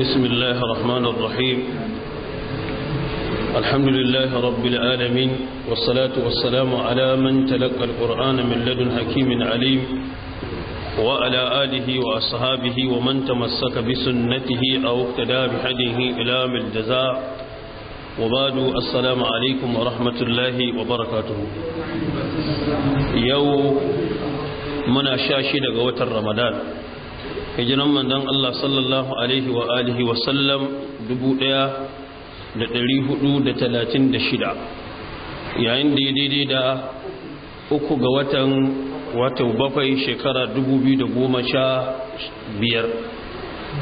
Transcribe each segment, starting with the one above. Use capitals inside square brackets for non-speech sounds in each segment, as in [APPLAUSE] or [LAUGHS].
بسم الله الرحمن الرحيم الحمد لله رب العالمين والصلاة والسلام على من تلقى القرآن من لدن حكيم عليم وعلى آله وأصحابه ومن تمسك بسنته أو اقتدى بحده إلى الجزاء وبعد السلام عليكم ورحمة الله وبركاته يوم من شاشد قوة رمضان hijiran manzon Allah sallallahu alaihi wa alihi wa sallam shida. yayin da daidai da uku ga watan wata bakwai shekara 2015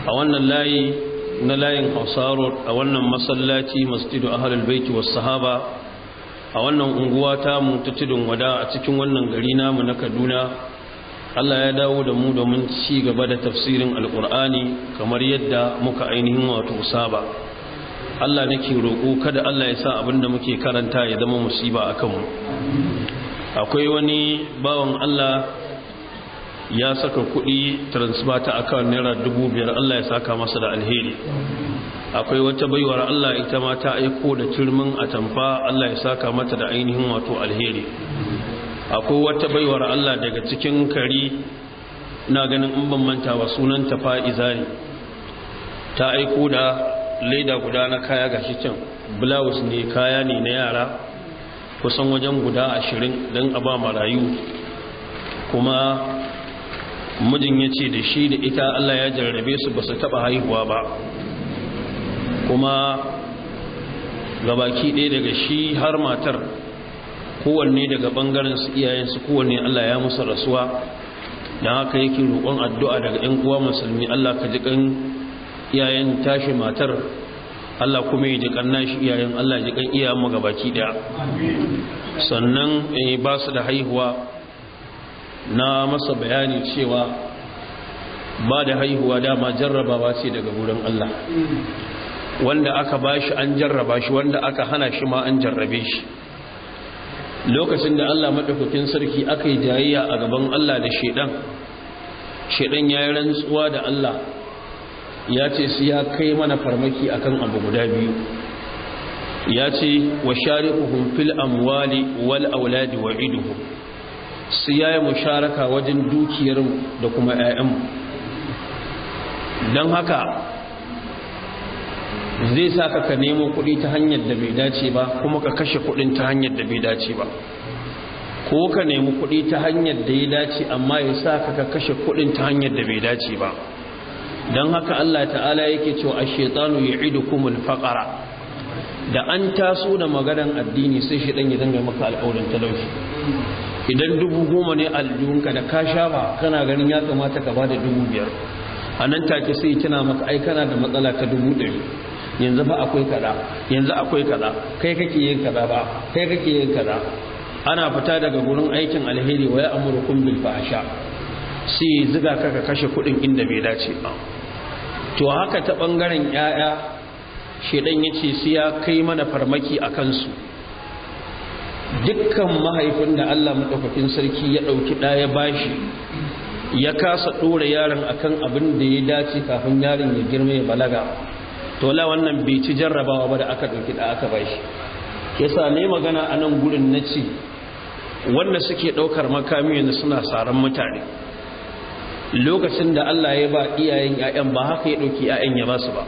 a wannan layi na layin hausaro a wannan masallaci masjidu ahlul baiti was sahaba a wannan unguwa ta mu ta tudun wada a cikin wannan gari namu na Kaduna Allah ya dawo da mu domin ci gaba da tafsirin alkur'ani kamar yadda muka ainihin wato saba Allah nake roƙo kada Allah ya sa abin da muke karanta ya zama musiba a kanmu akwai wani bawan Allah ya saka kuɗi transfer ta akan naira dubu biyar Allah ya saka masa da alheri akwai wata baiwar Allah ita ma ta aiko da turmin atamfa Allah ya saka mata da ainihin wato alheri akwai wata baiwar Allah daga cikin kari na ganin in ban manta sunanta fa'iza ne ta aiko da leda guda na kaya ga shi can ne kaya ne na yara kusan wajen guda ashirin don a ba marayu kuma mijin ya ce da shi da ita Allah ya jarrabe su ba su taɓa haihuwa ba kuma ga baki ɗaya daga shi har matar kowanne daga bangaren su iyayensu kowanne Allah ya musu rasuwa don haka yake roƙon addu'a daga ‘yan uwa musulmi Allah ka jiƙan iyayen tashi matar Allah kuma ya jiƙan nashi iyayen Allah jiƙan iyayen mu gabaki ɗaya sannan eh, ba su da haihuwa na masa bayani cewa ba da haihuwa dama jarrabawa ce daga wurin Allah wanda aka bashi an jarraba shi wanda aka hana shi ma an jarrabe shi lokacin da Allah madaukakin sarki aka yi a gaban Allah da shedan shedan ya yi rantsuwa da Allah ya ce su ya kai mana farmaki akan abu guda biyu ya ce wa shari'uhum fil amwali wal auladi wa iduhum su yayi musharaka wajen dukiyar da kuma 'ya'yan don haka zai sa ka ka nemo kuɗi ta hanyar da bai dace ba kuma ka kashe kuɗin ta hanyar da bai dace ba ko ka nemi kuɗi ta hanyar da ya dace amma ya sa ka ka kashe kuɗin ta hanyar da bai dace ba don haka Allah ta'ala yake cewa a shaitanu ya idu kumul faƙara da an taso da maganan addini sai shi ɗan ya zanga maka alƙawarin talauci idan dubu goma ne aljihunka da ka sha ba kana ganin ya kamata ka ba da dubu biyar a nan take sai tana maka ai kana da matsala ta dubu ɗari yanzu ba akwai kaza yanzu akwai kaza kai kake yin kaza ba kai kake yin kaza ana fita daga gurin aikin alheri wa ya'murukum bil fahsha sai ziga kaka kashe kudin inda bai dace ba to haka ta bangaren yaya shedan yace sai ya kai mana farmaki akan su dukkan mahaifin da Allah madaukakin sarki ya dauki da bashi ya kasa dora yaron akan abin da ya dace kafin yaron ya girma ya balaga to la wannan bai ci jarrabawa ba da aka ɗauki da aka bashi yasa ne magana a nan gurin na ce wanda suke ɗaukar makami yanzu suna saran mutane lokacin da Allah ya ba iyayen 'ya'yan ba haka ya ɗauki 'ya'yan ya basu ba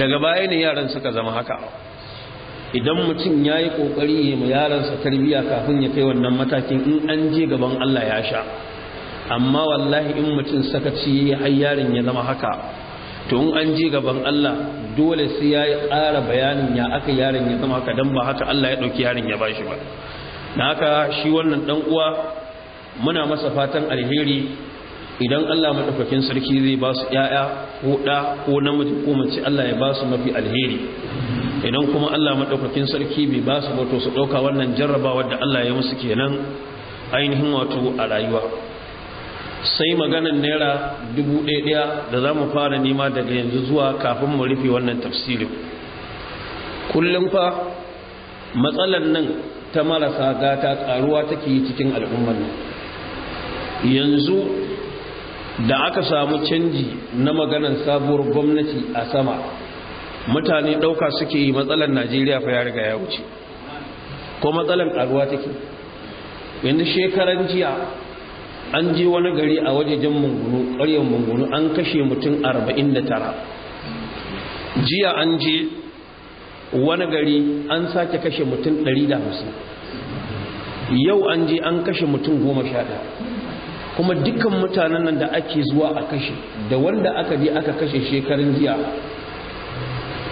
daga baya ne yaran suka zama haka idan mutum ya yi ƙoƙari ya ma yaransa tarbiyya kafin ya kai wannan matakin in an je gaban Allah ya sha amma wallahi in mutum sakaci ya har yaran ya zama haka to in an ji gaban Allah dole sai ya ƙara bayanin ya aka yaron ya zama haka dan ba haka Allah ya ɗauki yaron ya ba shi ba na haka shi wannan dan uwa muna masa fatan alheri idan Allah madaukakin sarki zai ba su ‘ya’ya ko ɗa ko namiji ko mace Allah ya ba su mafi alheri idan kuma Allah madaukakin sarki bai ba su ba to su ɗauka wannan jarrabawa da Allah ya musu kenan ainihin wato a rayuwa sai maganan naira dubu ɗaya ɗaya da za mu fara nima daga yanzu zuwa kafin mu rufe wannan tafsirin kullum fa matsalan nan ta marasa gata karuwa take yi cikin al'ummar nan yanzu da aka samu canji na maganan sabuwar gwamnati a sama mutane ɗauka suke yi matsalan najeriya fa ya riga ya wuce ko matsalan karuwa take yanzu shekaran jiya an je wani gari a wajejen mungunu ƙaryar mungunu an kashe mutum 49 jiya an je wani gari an sake kashe mutum 150 yau an je an kashe mutum 11 kuma dukkan mutanen nan da ake zuwa a kashe da wanda aka je aka kashe shekarun jiya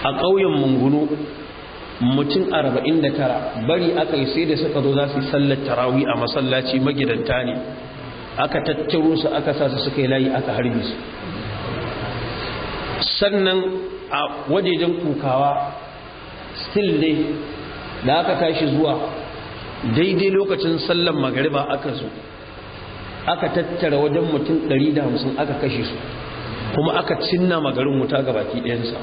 a ƙauyen mungunu mutum arba'in da tara bari aka yi sai da suka zo za su yi sallar tarawi a masallaci magidanta ne aka tattaro su aka sa su suka yi layi aka harbe su sannan a wajejen kukawa still dai da aka tashi zuwa daidai lokacin sallan magariba aka zo aka tattara wajen mutum 150 aka kashe su kuma aka cinna magarin wuta ga baki ɗayansa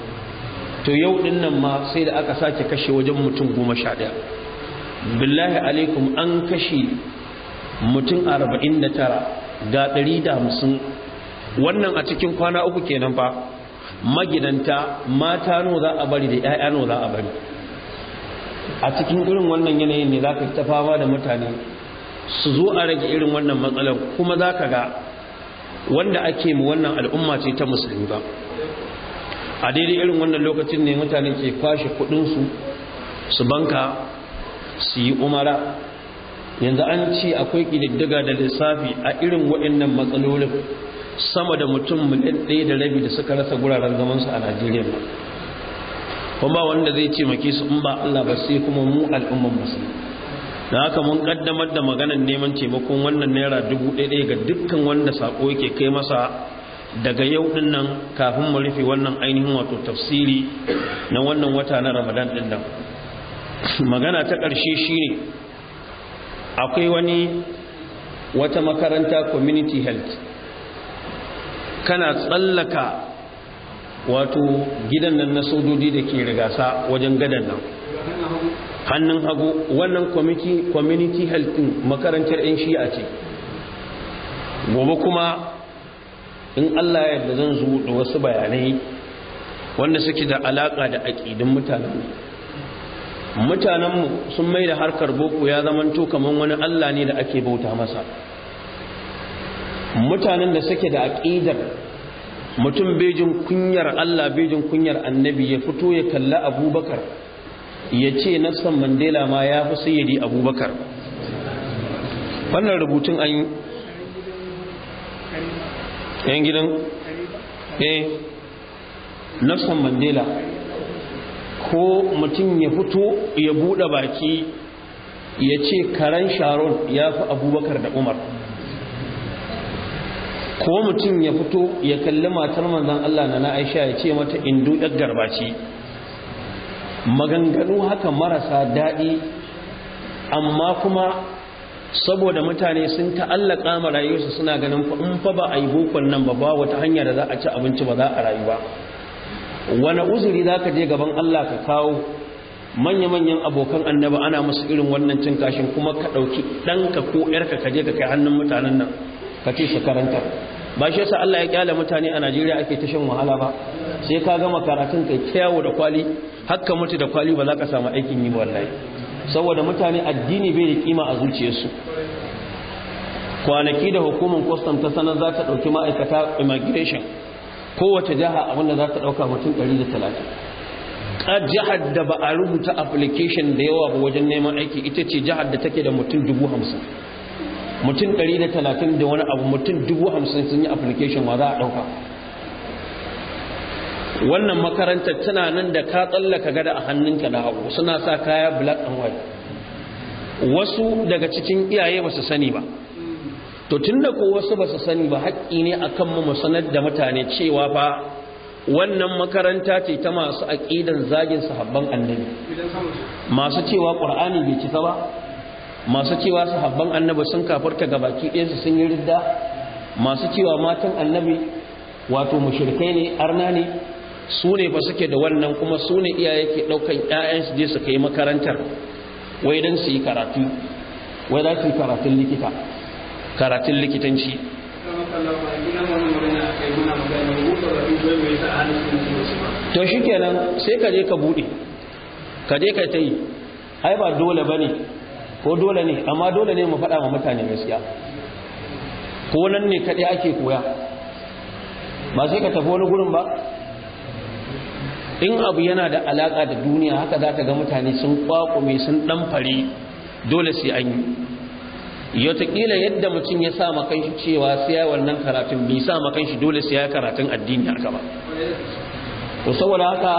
to yau ɗin nan ma sai da aka sake kashe wajen mutum goma sha ɗaya billahi alaikum an kashe mutum arba'in da tara ga ɗari da hamsin wannan a cikin kwana uku kenan fa magidanta mata no za a bari da 'ya'ya no za a bari a cikin irin wannan yanayin ne za ka ta fama da mutane su zo a rage irin wannan matsalar kuma za ka ga wanda ake mu wannan al'umma ce ta musulmi ba a daidai irin wannan lokacin ne mutane ke kwashe kudinsu su banka su yi umara yanzu an ce akwai ƙididdiga da lissafi a irin waɗannan matsalolin sama da mutum miliyan ɗaya da rabi da suka rasa guraren zamansu a najeriya ba. kuma wanda zai ce maki su in ba allah ba sai kuma mu al'umman musulmi da haka mun kaddamar da maganar neman taimakon wannan naira dubu ɗaya ga dukkan wanda sako yake kai masa daga yau ɗin nan kafin mu rufe wannan ainihin wato tafsiri na wannan wata na ramadan ɗin nan magana ta ƙarshe shine akwai wani wata makaranta community health kana tsallaka wato gidan nan na sojoji da ke rigasa wajen gadan nan hannun hagu wannan community health din makarantar 'yan shi'a ce gobe kuma in allah ya yadda zan zo da wasu bayanai wanda suke da alaƙa da aƙidin mutane mutanenmu sun mai da harkar boko ya zamanto kamar wani allah ne da ake bauta masa mutanen da suke da aƙidar mutum bejin kunyar allah bejin kunyar annabi ya fito ya kalla abubakar ya ce nassan mandela ma ya fi sayyadi abubakar wannan rubutun an yi yan gidan eh nassan mandela ko mutum ya fito ya buɗe baki ya ce karen sharon ya fi abubakar da umar ko mutum ya fito ya kalli matar manzan Allah na na'aisha ya ce mata indu ɗar garbaci maganganu haka marasa daɗi amma kuma saboda mutane sun ta'allaka ma rayuwarsu suna ganin in fa ba a yi bukon nan ba ba wata hanya da za a ci abinci ba za a rayu ba wani uzuri za ka je gaban Allah ka kawo manya-manyan abokan annaba ana musu irin wannan cin kashin kuma ka ɗauki ɗanka ko ‘yarka ka je ka kai hannun mutanen nan ka ce shekaranta ba shi yasa Allah ya kyala mutane a Najeriya ake ta shan wahala ba sai ka gama karatun kai kyawo da kwali hakka mutu da kwali ba za ka samu aikin yi wallahi saboda mutane addini bai da kima a zuciyarsu kwanaki da hukumar kwastam ta sanar za ta ɗauki ma'aikata immigration kowace jiha wanda za ta ɗauka mutum 130 ƙar jihar da ba a rubuta application da yawa ba wajen neman aiki ita ce jihar da take da mutum 50,000 mutum 130 da wani abu mutum 50,000 sun yi application ma za a ɗauka wannan makarantar tana nan da ka tsallaka gada a hannunka na hagu suna sa kaya black and white wasu daga cikin iyaye ba su sani ba to tunda ko wasu ba su sani ba haƙƙi ne a mu mu sanar da mutane cewa fa wannan makaranta ce ta masu aƙidan zagin sahabban annabi masu cewa ƙur'ani bai cika ba masu cewa sahabban annabi sun kafarta ga baki su sun yi ridda masu cewa matan annabi wato mushrikai ne arna ne su ne fa suke da wannan kuma su ne iyaye ke ɗaukan 'ya'yansu je su kai makarantar wai don su yi karatu wai za su yi karatun likita karatun likitanci to shi kenan sai ka je ka buɗe ka je ka ta yi ai ba dole ba ne ko dole ne amma dole ne mu faɗa wa mutane gaskiya ko nan ne kaɗai ake koya ba sai ka tafi wani gurin ba in abu yana da alaƙa da duniya haka za ka ga mutane sun kwakume sun ɗanfare dole sai an yautakila yadda mutum ya sa makan shi cewa sai ya wannan karatun bai sa makan shi dole sai ya karatun addini haka ba to saboda haka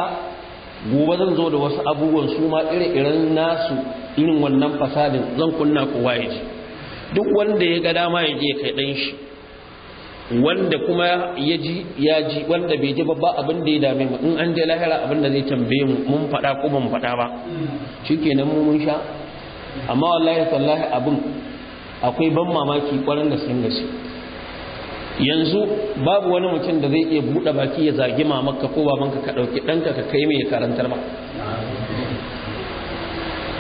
gobe zan zo da wasu abubuwan su ma ire-iren nasu irin wannan fasadin zan kunna kowa ya ji duk wanda ya ga dama ya je kai dan shi wanda kuma ya ji ya ji wanda bai ji babba abin da ya dame mu in an je lahira abin da zai tambaye mu mun faɗa ko ban faɗa ba shikenan mu mun sha amma wallahi sallahi abin akwai ban mamaki kwarin da sun gaske yanzu babu wani mutum da zai iya buɗe baki ya zagi mamakka ko babanka ka ɗauki ɗanka ka kai mai karantar ba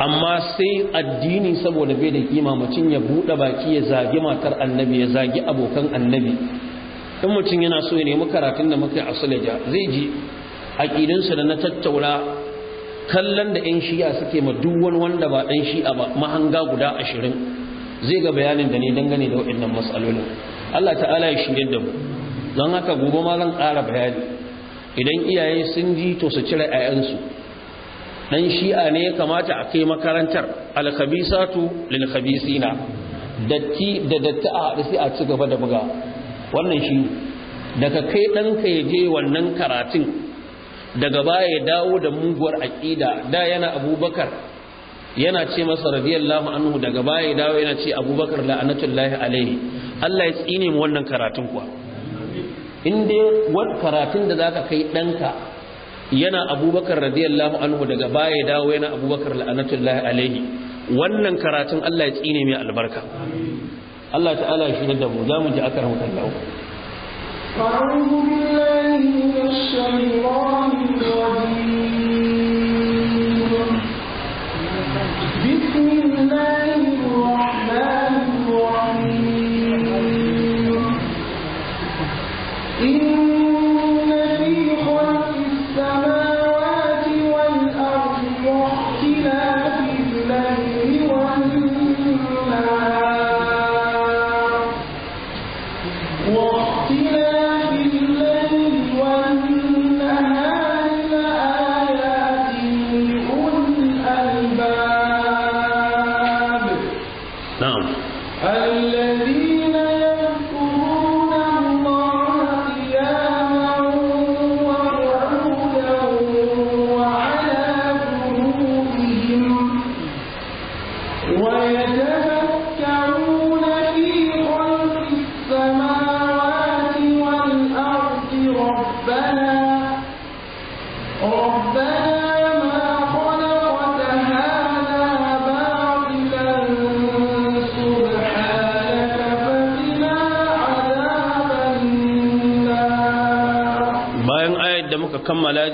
amma sai addini saboda bai da kima mutum ya buɗe baki ya zagi matar annabi ya zagi abokan annabi in mutum yana so ya nemi karatun da muka yi a sulaja zai ji aƙidinsa da na tattaura kallon da 'yan shi'a suke ma duk wani wanda ba ɗan shi'a ba mahanga guda ashirin zai ga bayanin da ne dangane da waɗannan matsalolin Allah ta'ala ya shirye da mu don haka gobe ma zan ƙara bayani idan iyaye sun ji to su cire 'ya'yansu dan shi'a ne ya kamata a kai makarantar alkhabisatu Khabisina. datti da datti a haɗu sai a ci gaba da buga wannan shi daga kai ɗanka ya je wannan karatun daga baya ya dawo da muguwar aƙida da yana abubakar yana ce masa radiyallahu anhu daga baya ya dawo yana ce abubakar la'anatullahi alaihi Allah ya tsine mu wannan karatun kuwa in dai wat karatun da zaka kai danka yana abubakar radiyallahu anhu daga baya ya dawo yana abubakar la'anatullahi alaihi wannan karatun Allah ya tsine mai albarka Allah ta'ala shi da mu za mu ji akar mu kallahu أعوذ بالله من الشيطان الرجيم من غير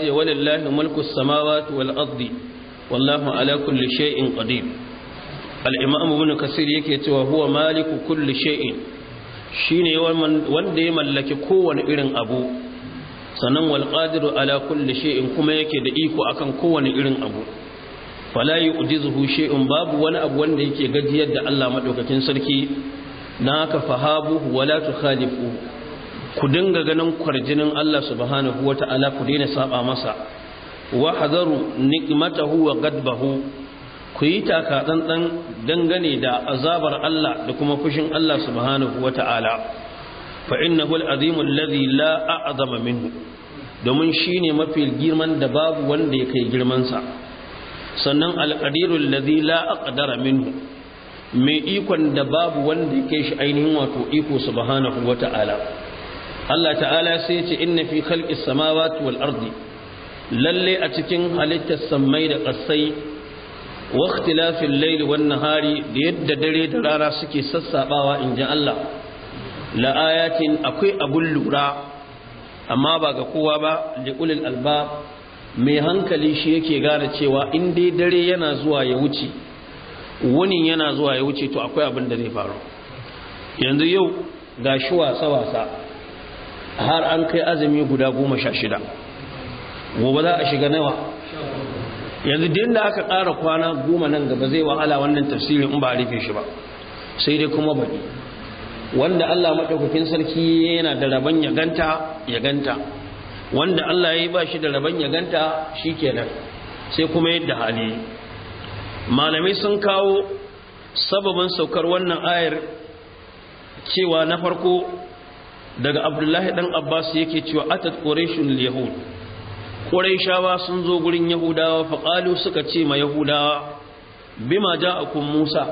ce walillahi mulku samawati wal ardi wallahu ala kulli shay'in qadir al-imam ibn kasir yake cewa huwa maliku kulli shay'in shine wanda ya mallaki kowane irin abu sannan wal qadiru ala kulli shay'in kuma yake da iko akan kowane irin abu fala yu'jizuhu shay'un babu wani abu wanda yake gajiyar da Allah madaukakin sarki na haka fahabu wala tukhalifu ku dinga ganin kwarjinin Allah subhanahu wa ta'ala ku daina saba masa wa hadaru nikmatahu wa gadbahu ku yi taka tsantsan dangane da azabar Allah da kuma fushin Allah subhanahu wa ta'ala fa innahu al-azimu alladhi la a'zama minhu domin shine mafi girman da babu wanda ya kai girman sa sannan al-qadiru alladhi la aqdara minhu mai ikon da babu wanda ya kai shi ainihin wato iko subhanahu wa ta'ala Allah ta'ala sai ya ce inna fi khalqis samawati wal ardi lalle a cikin halittar sammai da ƙasai wa ikhtilafil layli wan nahari da yadda dare da rana suke sassabawa in ji Allah la ayatin akwai abun lura amma ba ga kowa ba li ulil albab mai hankali shi yake gane cewa in dai dare yana zuwa ya wuce wunin yana zuwa ya wuce to akwai abin da zai faru yanzu yau ga shi wasa wasa har an kai azumi guda goma sha shida gobe za a shiga nawa yanzu din da aka ƙara kwana goma nan gaba zai wahala wannan tasiri in ba a rufe shi ba sai dai kuma baɗi wanda Allah maɗaukakin sarki yana da rabon ya ganta ya ganta wanda Allah ya yi ba shi da rabon ya ganta shi kenan sai kuma yadda hali malamai sun kawo sababin saukar wannan ayar cewa na farko daga abdullahi dan abbas yake cewa atat quraishun yahud quraishawa sun zo gurin yahudawa fa qalu suka ce ma yahudawa bima ja'akum musa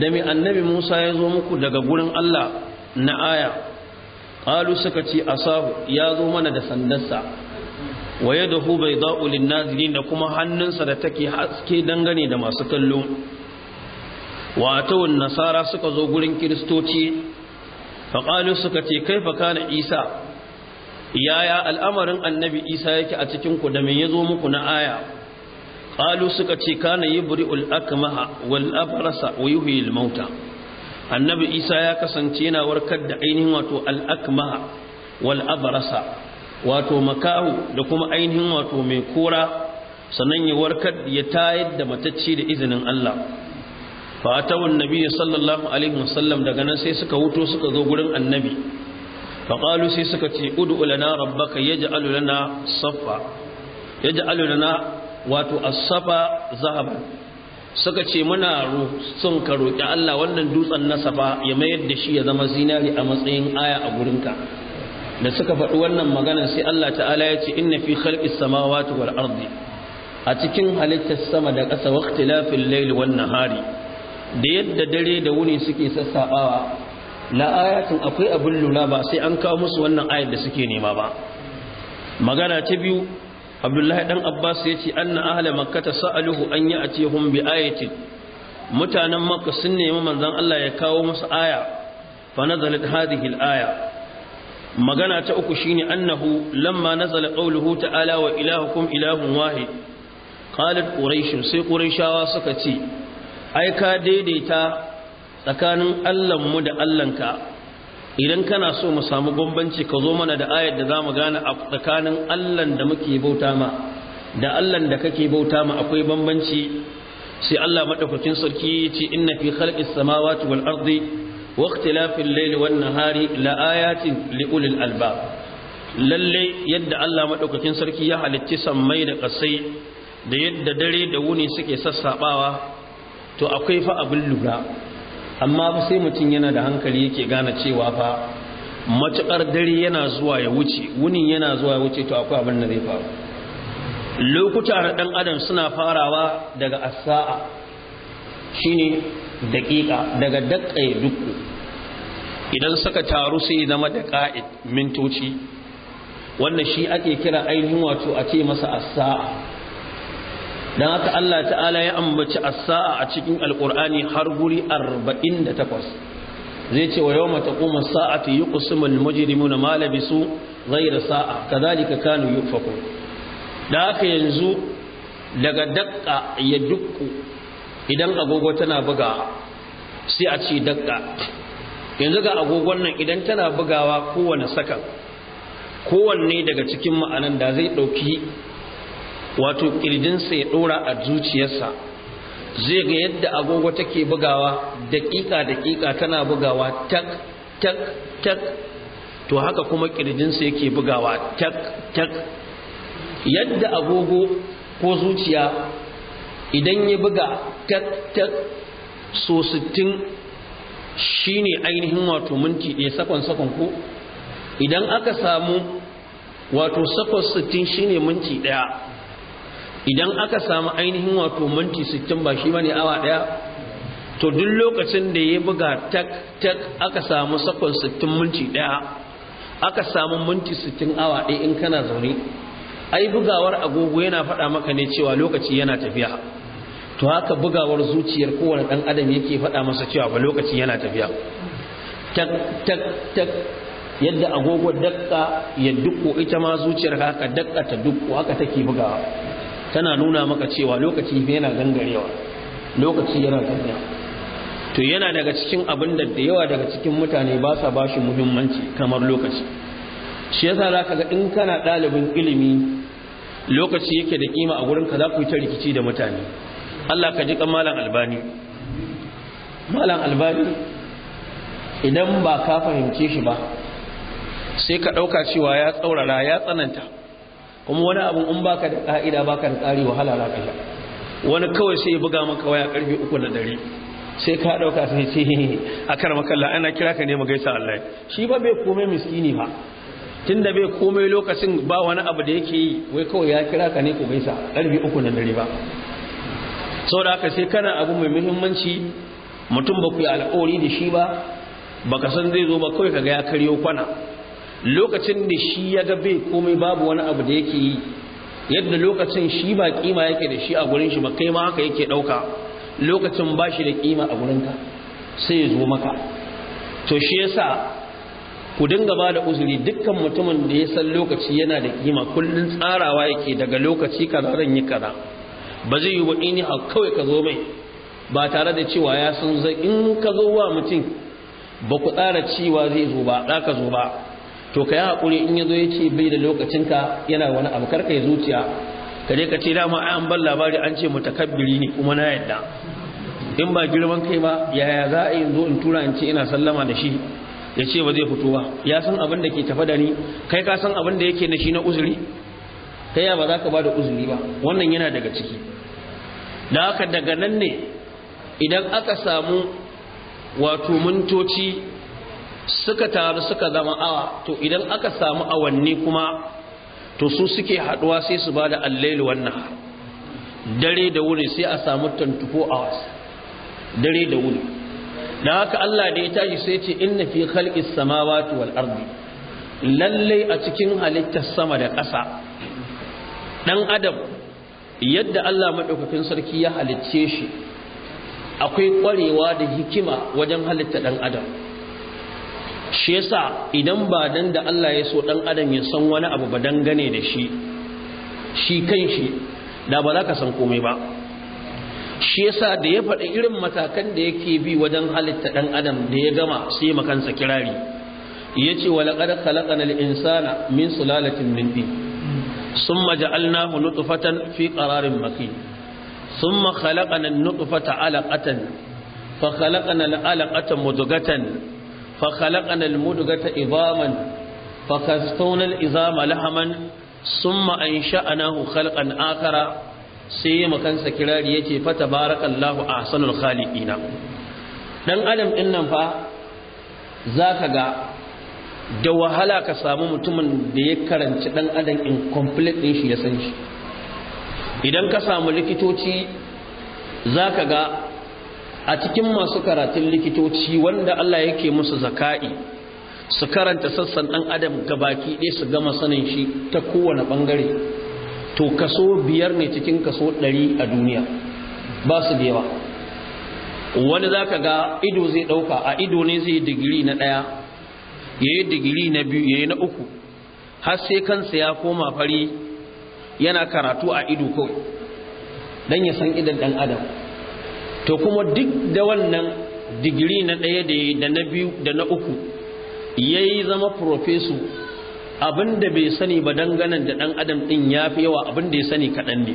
da mi annabi musa ya zo muku daga gurin allah na aya qalu suka ce asahu ya zo mana da sandarsa wa yadahu bayda'u lin-nazirin da kuma hannunsa da take haske dangane da masu kallo wa atawun nasara suka zo gurin kiristoci faƙalu suka ce kai fa kana isa yaya al'amarin annabi isa yake a cikin ku da me ya zo muku na aya ƙalu suka ce kana yubri'ul akmaha wal abrasa wa yuhyil mauta annabi isa ya kasance yana warkar da ainihin wato al akmaha wal wato makahu da kuma ainihin wato mai kora sannan ya warkar ya tayar da matacci da izinin Allah fa atawun nabi sallallahu alaihi wasallam daga nan sai suka huto suka zo gurin annabi fa sai suka ce ud'u lana rabbaka yaj'al lana safa yaj'al lana wato as-safa zahaban suka ce muna son ka roƙi Allah wannan dutsen na safa ya mayar da shi ya zama zinari a matsayin aya a gurinka da suka faɗi wannan maganar sai Allah ta'ala ya ce inna fi khalqis samawati wal ardi a cikin halittar sama da ƙasa waqtilafil layli wan nahari da yadda dare da wuni suke sassabawa na ayatin akwai abin lura ba sai an kawo musu wannan ayar da suke nema ba magana ta biyu abdullahi dan abbas ya ce anna ahla makkata sa'aluhu an yi a ya'tihum bi ayatin mutanen makka sun nemi manzon Allah ya kawo musu aya fa nazalat hadhihi al-aya magana ta uku shine annahu lamma nazala qawluhu ta'ala wa ilahukum ilahun wahid qalat quraish sai quraishawa suka ce ai ka daidaita tsakanin Allahnmu da ka idan kana so mu samu bambanci ka zo mana da ayar da za mu gane a tsakanin allan da muke bauta ma da allan da kake bauta ma akwai bambanci sai Allah maɗaukakin sarki yace inna fi khalqis samawati wal ardi wa ikhtilafil layli wan nahari la ayatin li ulil albab lalle yadda Allah maɗaukakin sarki ya halicci sammai da kasai da yadda dare da wuni suke sassabawa to akwai fa abin lura amma ba sai mutum yana da hankali yake gane cewa fa matuƙar dare yana zuwa ya wuce wunin yana zuwa ya wuce to akwai abin da zai faru lokuta da ɗan adam suna farawa daga asa'a shine daƙiƙa daga daƙaye dukku idan suka taru sai zama da mintoci wannan shi ake kira ainihin wato a ce masa asa'a don haka Allah ta'ala ya ambaci as-sa'a a cikin al-Qur'ani har guri 48 zai ce wa yawma taquma as-sa'atu yuqsimu al-mujrimuna ma labisu ghayra sa'a kadhalika kanu yufaku da haka yanzu daga dakka ya dukku idan agogo tana buga sai a ce dakka yanzu ga agogon nan idan tana bugawa kowane sakan kowanne daga cikin ma'anan da zai dauki wato ƙirjinsa ya ɗora a zuciyarsa zai ga yadda agogo take bugawa daƙiƙa-daƙiƙa tana bugawa tak tak tak to haka kuma ƙirjinsa yake bugawa tak tak yadda agogo ko zuciya idan ya buga tak tak so sittin shi ne ainihin wato minti ɗaya sakon-sakon ko idan aka samu wato sakon sittin shi ne minti ɗaya idan aka samu ainihin wato minti 60 ba shi bane awa daya to duk lokacin da ya buga tak tak aka samu sakon 60 minti daya aka samu minti 60 awa daya in kana zaune ai bugawar agogo yana faɗa maka ne cewa lokaci yana tafiya to haka bugawar zuciyar kowane ɗan adam yake faɗa masa cewa ba lokaci yana tafiya tak tak tak yadda agogo dakka ya dukko ita ma zuciyar haka dakka ta dukko haka take bugawa tana nuna maka cewa lokaci yana gangarewa lokaci yana gangarewa to yana daga cikin abin da da yawa daga cikin mutane ba sa ba shi muhimmanci kamar lokaci shi yasa za ka ga in kana ɗalibin ilimi lokaci yake da kima a gurinka za ku yi ta rikici da mutane Allah ka ji kan malam albani malam albani idan ba ka fahimce shi ba sai ka ɗauka cewa ya tsaurara ya tsananta kuma wani abu in baka da ka'ida baka da tsari wahala za ka sha wani kawai sai ya buga maka waya karfe uku na dare sai ka dauka sai ce a kar makalla ana kira ka ne mu gaisa Allah shi ba bai komai miskini ba tunda bai komai lokacin ba wani abu da yake yi wai kawai ya kira ka ne ku gaisa karfe uku na dare ba saboda haka sai kana abu mai muhimmanci mutum ba ku yi alƙawari da shi ba baka san zai zo ba kawai kaga ya karyo kwana lokacin da shi ya ga bai komai babu wani abu da yake yi yadda lokacin shi ba kima yake da shi a gurin shi ba kai ma haka yake dauka lokacin ba shi da kima a gurinka sai ya zo maka to shi yasa ku dinga ba da uzuri dukkan mutumin da ya san lokaci yana da kima kullun tsarawa yake daga lokaci kaza zan yi kaza ba zai yi wa ini a kawai ka zo mai ba tare da cewa ya san zai in ka zo wa mutum ba ku tsara cewa zai zo ba za ka zo ba to ka yi haƙuri in ya zo ya ce bai da lokacinka yana wani abu karka yi zuciya ka je ka ce dama an ban labari an ce mutakabbiri ne kuma na yadda in ba girman kai ba yaya za a yi zo in tura in ce ina sallama da shi ya ce ba zai fito ba ya san abin da ke tafa da ni kai ka san abin da yake na shi na uzuri Ta ya ba za ka ba da uzuri ba wannan yana daga ciki da haka daga nan ne idan aka samu wato mintoci suka taru suka zama awa to idan aka samu awanni kuma to su suke haduwa sai su bada allailu wannan dare da wuri sai a samu 24 hours dare da wuni da haka Allah da ya tashi sai ce inna fi khalqis samawati wal ardi lalle a cikin halittar sama da ƙasa dan adam yadda Allah madaukakin sarki ya halicce shi akwai ƙwarewa da hikima wajen halitta dan adam shi yasa idan ba dan da Allah ya so dan adam ya san wani abu ba dangane da shi shi kanshi da ba za ka san komai ba shi yasa da ya faɗi irin matakan da yake bi wajen halitta dan adam da ya gama sai Ya makansa kirari yace walaqad khalaqanal insana min sulalatin min tin ثم جعلناه نطفة في قرار مكين ثم خلقنا النطفة fa فخلقنا العلقة مدغة فخلقنا المدغة عظاما فكسونا العظام لحما ثم أنشأناه خلقا Akara, sai makansa kirari yake fa tabarakallahu ahsanul khaliqina dan adam din nan fa zaka ga da wahala ka samu mutumin da ya karanci dan adam in complete din shi ya san shi idan ka samu likitoci zaka ga a cikin masu karatun likitoci wanda Allah yake musu zaka'i su karanta sassan ɗan adam ga baki ɗaya su gama sanin shi ta kowane ɓangare to kaso biyar ne cikin kaso ɗari a duniya ba su da yawa wani za ka ga ido zai ɗauka a ido ne zai digiri na ɗaya ya yi digiri na biyu ya yi na uku har sai kansa ya koma fari yana karatu a ido kawai don ya san idan ɗan adam to kuma duk da wannan digiri na ɗaya da da na biyu da na uku ya yi zama profesu abinda bai sani ba danganan da ɗan adam ɗin ya fi yawa abinda ya sani kaɗan ne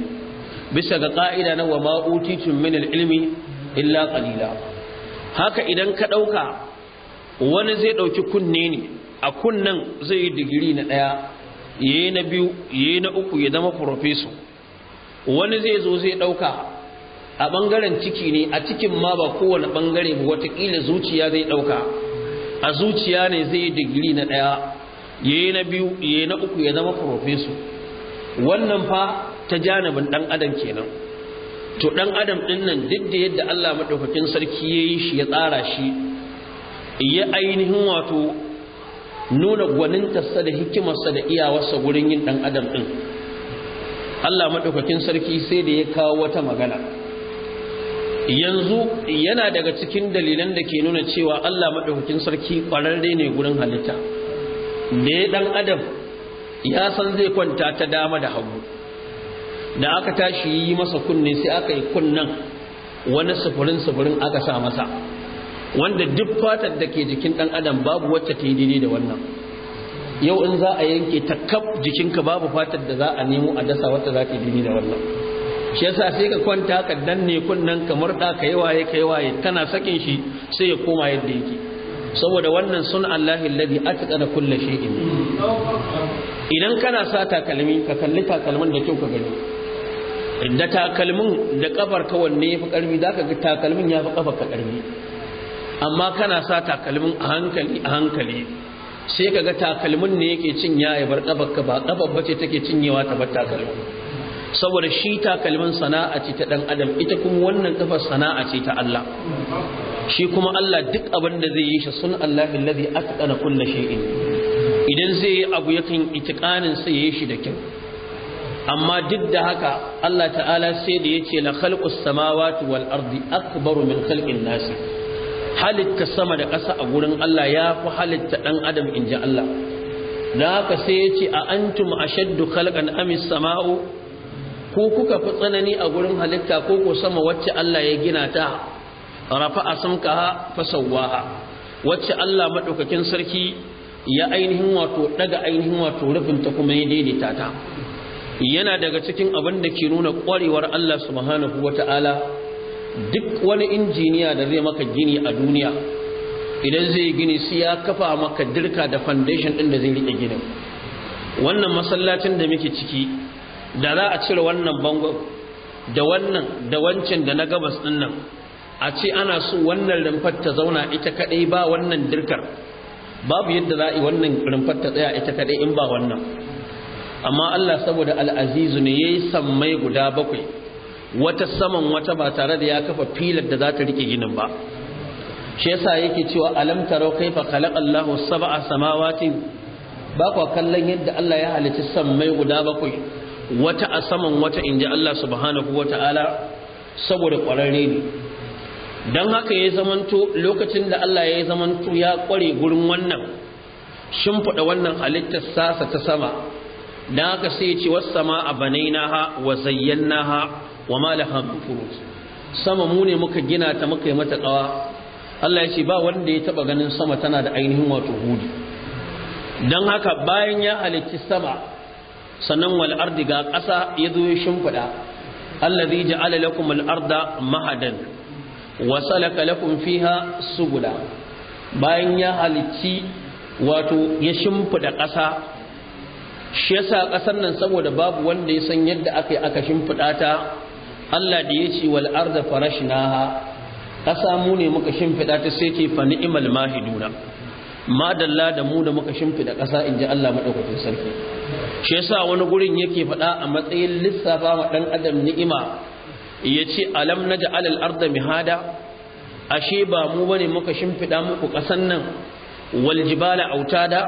bisa ga ƙa'ida na wa ma'utitun min ilmi illa ƙalila haka idan ka ɗauka wani zai ɗauki kunne ne a kunnen zai yi digiri na ɗaya ya na biyu ya na uku ya zama profeso wani zai zo zai ɗauka a ɓangaren ciki ne a cikin ma ba kowane ɓangare ba watakila zuciya zai ɗauka a zuciya ne zai yi digiri na ɗaya ya na biyu ya na uku ya zama profeso wannan fa ta janibin ɗan adam kenan to ɗan adam ɗin nan duk da yadda allah maɗaukakin sarki ya yi shi ya tsara shi ya ainihin wato nuna gwanintarsa da hikimarsa da iyawarsa gurin yin ɗan adam ɗin allah maɗaukakin sarki sai da ya kawo wata magana yanzu yana daga cikin dalilan da ke nuna cewa Allah maɗaukakin sarki ƙwararre ne gurin halitta Da ya ɗan adam ya san zai kwanta ta dama da hagu da aka tashi yi masa kunne sai aka yi kunnen wani sufurin sufurin aka sa masa wanda duk fatar da ke jikin ɗan adam babu wacce ta yi da wannan yau in za a yanke ta kaf jikinka babu fatar da za a nemo a dasa wacce za ta yi da wannan shi yasa sai ka kwanta ka danne kunnen ka murda ka yi waye ka yi waye kana sakin shi sai ya koma yadda yake saboda wannan sun Allahi alladhi atqana kulli shay'in idan kana sa takalmi ka kalli takalmin da kyau ka gani da takalmin da kafar ka wanne yafi karfi zaka ga takalmin yafi kafa ka karfi amma kana sa takalmin a hankali a hankali sai kaga takalmin ne yake cin ya bar kafar ka ba kafar bace take cinyewa ta bar takalmin saboda shi takalmin sana'a ce ta dan adam ita kuma wannan kafar sana'a ce ta Allah shi kuma Allah duk abin da zai yi shi sun Allah alladhi atqana kulli shay'in idan zai yi abu yakan itiqanin sai yayi shi da kyau amma duk da haka Allah ta'ala sai da yace la khalqus samawati wal ardi akbaru min khalqin nasi halitta sama da ƙasa a gurin Allah ya fi halitta ɗan adam in ji Allah da haka sai ya ce a a ashaddu halkan amis sama'u ko kuka fi tsanani a gurin halitta ko ko sama wacce Allah ya gina ta rafa'a fa fasawwaha wacce Allah madaukakin sarki ya ainihin wato daga ainihin wato rufin ta kuma ya daidaita ta yana daga cikin abin da ke nuna kwarewar Allah subhanahu wata'ala duk wani injiniya da zai maka gini a duniya idan zai gini sai ya kafa maka dirka da foundation din da zai rike ginin wannan masallacin da muke ciki da za a cire wannan bangon da wannan da wancan da na gabas din nan a ce ana so wannan rumfar ta zauna ita kadai ba wannan dirkar babu yadda za a yi wannan rumfar ta tsaya ita kadai in ba wannan amma Allah saboda al'azizu ne yayi sammai guda bakwai wata saman wata ba tare da ya kafa filar da za ta rike ginin ba shi yasa yake cewa alam kai fa khalaqa Allahu sab'a samawati ba kwa kallon yadda Allah ya halicci sammai guda bakwai wata a saman wata in ji Allah subhanahu wa ta'ala saboda ƙwararre ne don haka ya zamanto lokacin da Allah ya yi zamanto ya ƙware gurin wannan shimfiɗa wannan halittar sasa ta sama don haka sai ce wasu sama a na ha wa na ha wa sama mu ne muka gina ta muka yi mata ƙawa Allah ya ce ba wanda ya taɓa ganin sama tana da ainihin wato hudu don haka bayan ya halitti sama sannan wal ardi ga ƙasa ya zo ya shimfiɗa allazi ja'ala lakum al arda mahadan wa salaka lakum fiha subula bayan ya halicci wato ya shimfiɗa ƙasa shi yasa ƙasar nan saboda babu wanda ya san yadda aka yi aka shimfiɗa ta Allah da ya ce wal arda farashnaha ƙasa mu ne muka shimfiɗa ta sai ce fa ni'mal mahiduna madalla da mu da muka shimfiɗa ƙasa in ji Allah madaukakin sarki shi yasa wani gurin yake faɗa a matsayin lissafa wa ɗan adam ni'ima ya ce alam na ja'al al'arda mihada ashe ba mu bane muka shimfiɗa muku ƙasan nan wal jibala autada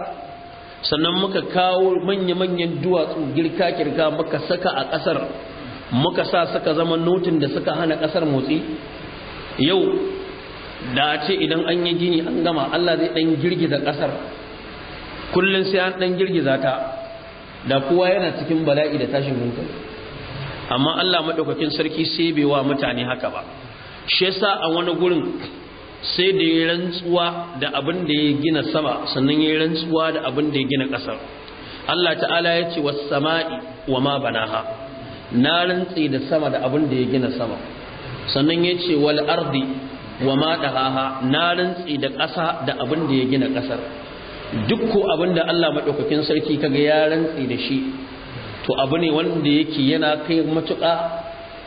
sannan muka kawo manya-manyan duwatsu girka-girka muka saka a ƙasar muka sa suka zama notin da suka hana ƙasar motsi yau da a ce idan an yi gini an gama Allah zai ɗan girgiza ƙasar kullum sai an ɗan girgiza ta da kowa yana cikin bala'i da tashin hankali amma Allah madaukakin sarki sai bai wa mutane haka ba shi yasa a wani gurin sai da ya rantsuwa da abin da ya gina sama sannan ya rantsuwa da abin da ya gina ƙasar Allah ta'ala ya ce was sama'i wa ma banaha na rantsi da sama da abin da ya gina sama sannan ya ce wal ardi wa ma dahaha na rantsi da ƙasa da abin da ya gina ƙasar duk abinda Allah maɗaukakin sarki kaga ya rantsi da shi to abu ne wanda yake yana kai matuƙa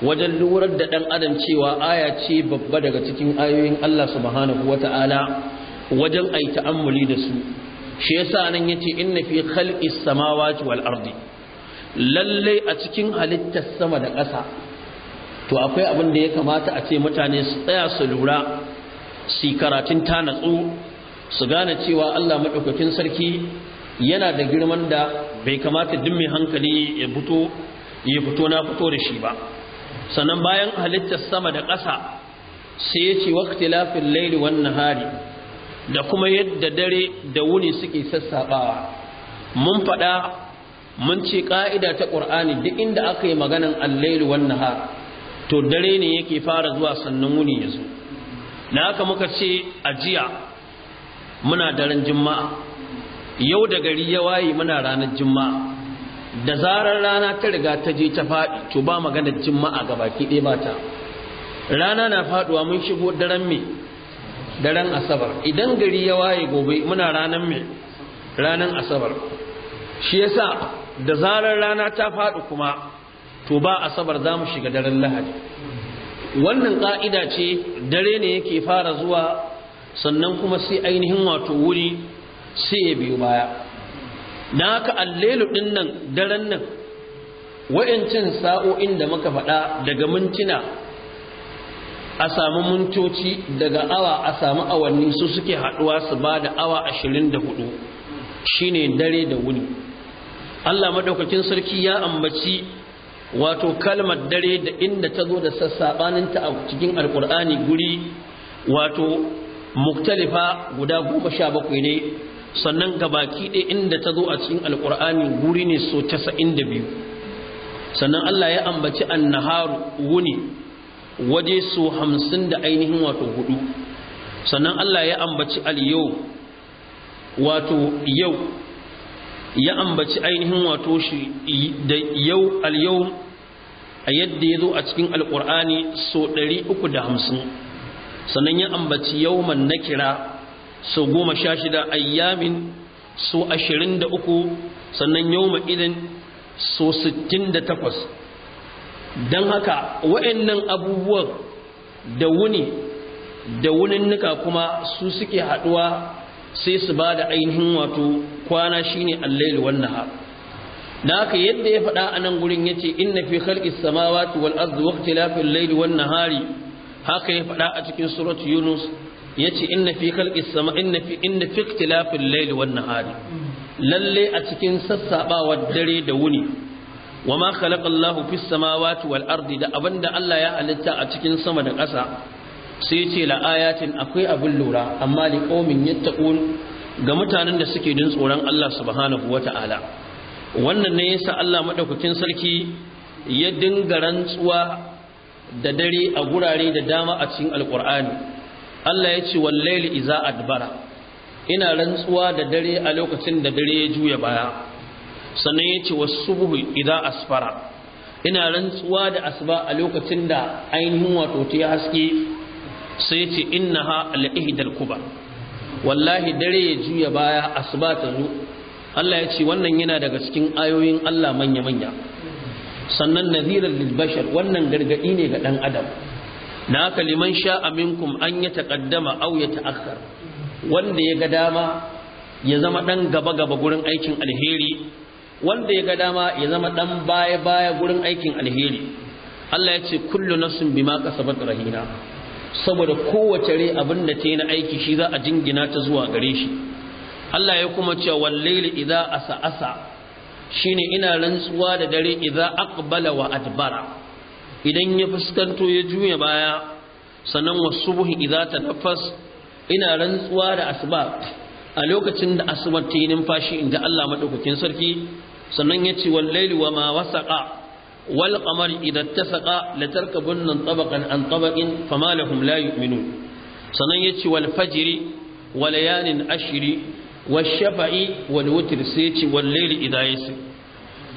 wajen lurar da ɗan adam cewa aya ce babba daga cikin ayoyin Allah subhanahu wata'ala wajen ai ta'ammuli da su shi yasa nan yace inna fi khalqis samawati wal ardi lalle a cikin halittar sama da ƙasa to akwai abin da ya kamata a ce mutane su tsaya su lura su karatun ta natsu su gane cewa Allah maɗaukakin sarki yana da girman da bai kamata duk mai hankali ya fito ya fito na fito da shi ba sannan bayan halittar sama da ƙasa sai ya ce waqtilafil layli wan nahari da kuma yadda dare da wuni suke sassabawa mun faɗa mun ce ƙa'ida ta ƙur'ani duk inda aka yi maganan al-layli wan to dare ne yake fara zuwa sannan wuni ya zo da haka muka ce a jiya muna daren juma'a yau da gari ya waye muna ranar juma'a da zarar rana ta riga ta je ta faɗi to ba maganar juma'a ga baki ɗaya mata rana na faɗuwa mun shigo daren me daren asabar idan gari ya waye gobe muna ranar me ranar asabar shi yasa da zarar rana ta faɗi kuma to ba asabar za mu shiga daren lahadi wannan ƙa'ida ce dare ne yake fara zuwa sannan kuma sai ainihin wato wuri sai ya biyo baya na haka allelu ɗin nan daren nan wa'yancin sa'o'in da muka faɗa daga mintuna a samu mintoci daga awa a samu awanni su suke haɗuwa su ba da awa ashirin da hudu shine dare da wuni Allah maɗaukakin sarki ya ambaci wato kalmar dare da inda ta zo da sassaɓaninta a cikin alkur'ani guri wato muktalifa guda goma sha bakwai ne sannan gabaki ɗaya inda ta zo a cikin alkur'ani guri ne so casa'in da biyu sannan allah ya ambaci annaharu wuni waje so hamsin da ainihin wato hudu sannan allah ya ambaci aliyau wato yau ya ambaci ainihin wato shi da yau aliyau a yadda ya zo a cikin alkur'ani so ɗari uku da hamsin sannan ya ambaci yawman kira su goma sha shida ayyamin su ashirin da uku sannan yawma idan su sittin da takwas don haka wa'annan abubuwan da wuni da wunin nuka kuma su suke haduwa sai su ba da ainihin wato kwana shine allaili wannan ha da haka yadda ya faɗa a nan gurin ya ce inna fi halƙi samawa tuwal arzu wa ikhtilafil layli wannan nahari haka ya faɗa a cikin surat yunus ya ce inna fi khalqis sama inna fi inna fi ikhtilafil laili wan nahari lalle a cikin sassaɓawa dare da wuni wa ma khalaqallahu fis samawati wal ardi da abinda Allah ya halitta a cikin sama da ƙasa sai ce la ayatin akwai abin lura amma li qaumin yattaqun ga mutanen da suke din tsoron Allah subhanahu wata'ala wannan ne yasa Allah madaukakin sarki ya dinga rantsuwa da dare a gurare da dama a cikin alkur'ani Allah ya ce wallaili iza adbara ina rantsuwa da dare a lokacin da dare ya juya baya sannan ya ce wasubuhu iza asfara ina rantsuwa da asuba a lokacin da ainihin wato ta haske sai ce innaha al-ihdal kubar wallahi dare ya juya baya asuba ta zo Allah ya ce wannan yana daga cikin ayoyin Allah manya-manya sannan nazirar lil wannan gargadi ne ga ɗan adam na kaliman liman sha'a an ya taqaddama aw ya ta'akhkhar wanda ya ga dama ya zama ɗan gaba gaba gurin aikin alheri wanda ya ga dama ya zama ɗan baya baya gurin aikin alheri Allah ya ce kullu nafsin bima kasabat rahina saboda kowace rai abin da ta yi na aiki shi za a jingina ta zuwa gare shi Allah ya kuma ce wallaili idza asa asa shine ina rantsuwa da dare idan aqbala wa adbara idan ya fuskanto ya juya baya sannan idan ta tanaffas ina rantsuwa da asuba a lokacin da asubar ta yi numfashi inda Allah madaukakin sarki sannan yace wal laili wa ma wasaqa wal qamari idza tasaqa la tarkabunna tabaqan an tabaqin fama lahum la yu'minun sannan yace wal fajri wa layalin ashri washafa'i wal witr sai ce wal layli idha yasir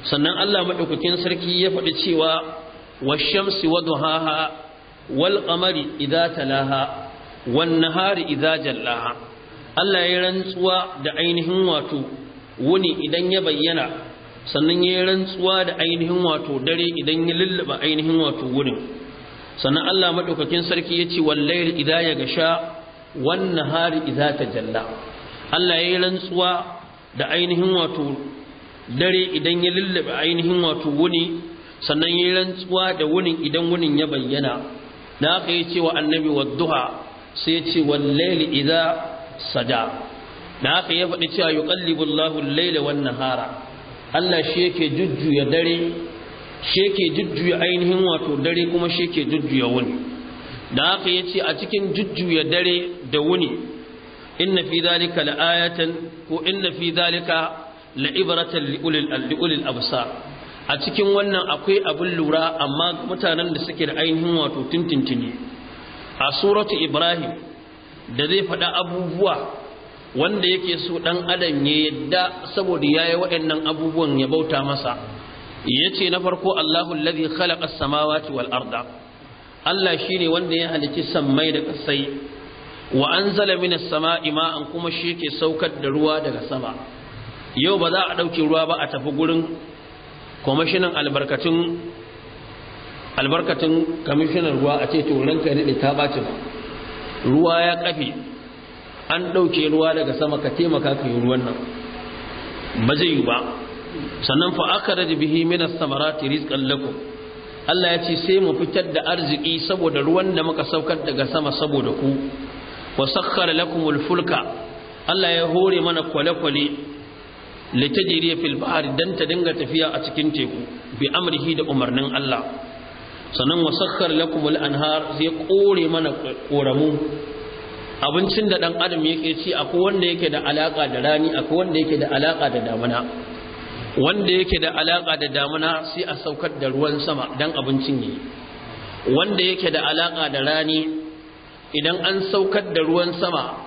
sannan Allah madaukakin sarki ya faɗi cewa washamsi wadhaha wal qamari idha talaha wan nahari idha jallaha Allah ya rantsuwa da ainihin wato wuni idan ya bayyana sannan ya rantsuwa da ainihin wato dare idan ya lulluba ainihin wato wurin sannan Allah maɗaukakin sarki ya ce wallayar idan ya gasha wannan hari idan ta jalla Allah ya yi rantsuwa da ainihin wato dare idan ya lullaba ainihin wato wuni sannan ya yi rantsuwa da wuni idan wunin ya bayyana na aka yi cewa annabi wa duha sai ya ce wallaili idza sada na aka ya faɗi cewa yuqallibu Allahu al-laila wan nahara Allah shi yake jujjuya dare shi yake jujjuya ainihin wato dare kuma shi yake jujjuya wuni da haka ya ce a cikin jujjuya dare da wuni inna fi dhalika la'ayatan ko inna fi dhalika la'ibratan liulil a cikin wannan akwai abin lura amma mutanen da suke da ainihin wato tintintini a suratu ibrahim da zai faɗa abubuwa wanda yake so ɗan adam ya yadda saboda ya yi waɗannan abubuwan ya bauta masa ya ce na farko allahu ladhi khalaqa samawati wal arda allah shine wanda ya halicci sammai da ƙasai wa anzala minas sama'i ma'an kuma shi yake saukar da ruwa daga sama yau ba za a ɗauki ruwa ba a tafi gurin kwamishinan albarkatun albarkatun kwamishinan ruwa a ce to ranka ne ta ɓaci ba ruwa ya kafe an ɗauke ruwa daga sama ka taimaka ka yi ruwan nan ba zai yi ba sannan fa aka rage bihi minas samarati rizqan lakum Allah ya ce sai mu fitar da arziki saboda ruwan da muka saukar daga sama saboda ku wa sakhkhara lakumul fulka Allah ya hore mana kwale-kwale litajriya fil bahri dan ta dinga tafiya a cikin teku bi amrihi da umarnin Allah sannan wa sakhkhara lakumul anhar zai kore mana koramu abincin da dan adam yake ci akwai wanda yake da alaka da rani akwai wanda yake da alaka da damuna wanda yake da alaka da damuna sai a saukar da ruwan sama dan abincin yi wanda yake da alaka da rani idan an saukar da ruwan sama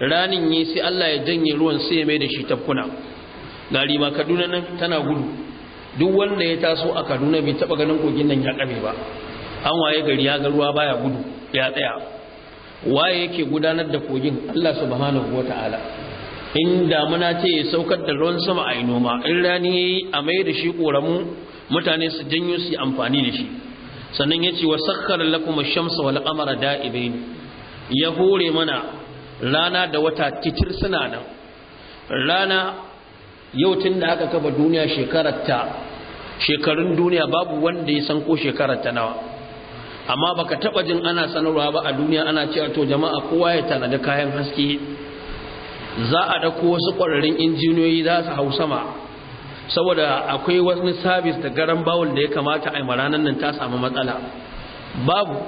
ranin yi sai Allah ya janye ruwan sai ya mai da shi tafkuna ga ma kaduna nan tana gudu duk wanda ya taso a kaduna bai taba ganin kogin nan ya kame ba an waye gari ya ga ruwa baya gudu ya tsaya waye yake gudanar da kogin Allah subhanahu wataala in muna ce ya saukar da ruwan sama a yi noma in rani ya yi a mai da shi koramu mutane su janyo su amfani da shi sannan ya ce wa sakkara lakuma shamsa wal qamara da'ibain ya hore mana rana da wata titir suna nan rana yau tun da aka kafa duniya shekarar ta shekarun duniya babu wanda ya san ko shekarar ta nawa amma baka taba jin ana sanarwa ba a duniya ana cewa to jama'a kowa ya tanadi kayan haske za a dauko wasu ƙwararrun injiniyoyi za su hau sama saboda akwai wani sabis da garan bawul da ya kamata a ranar nan ta samu matsala babu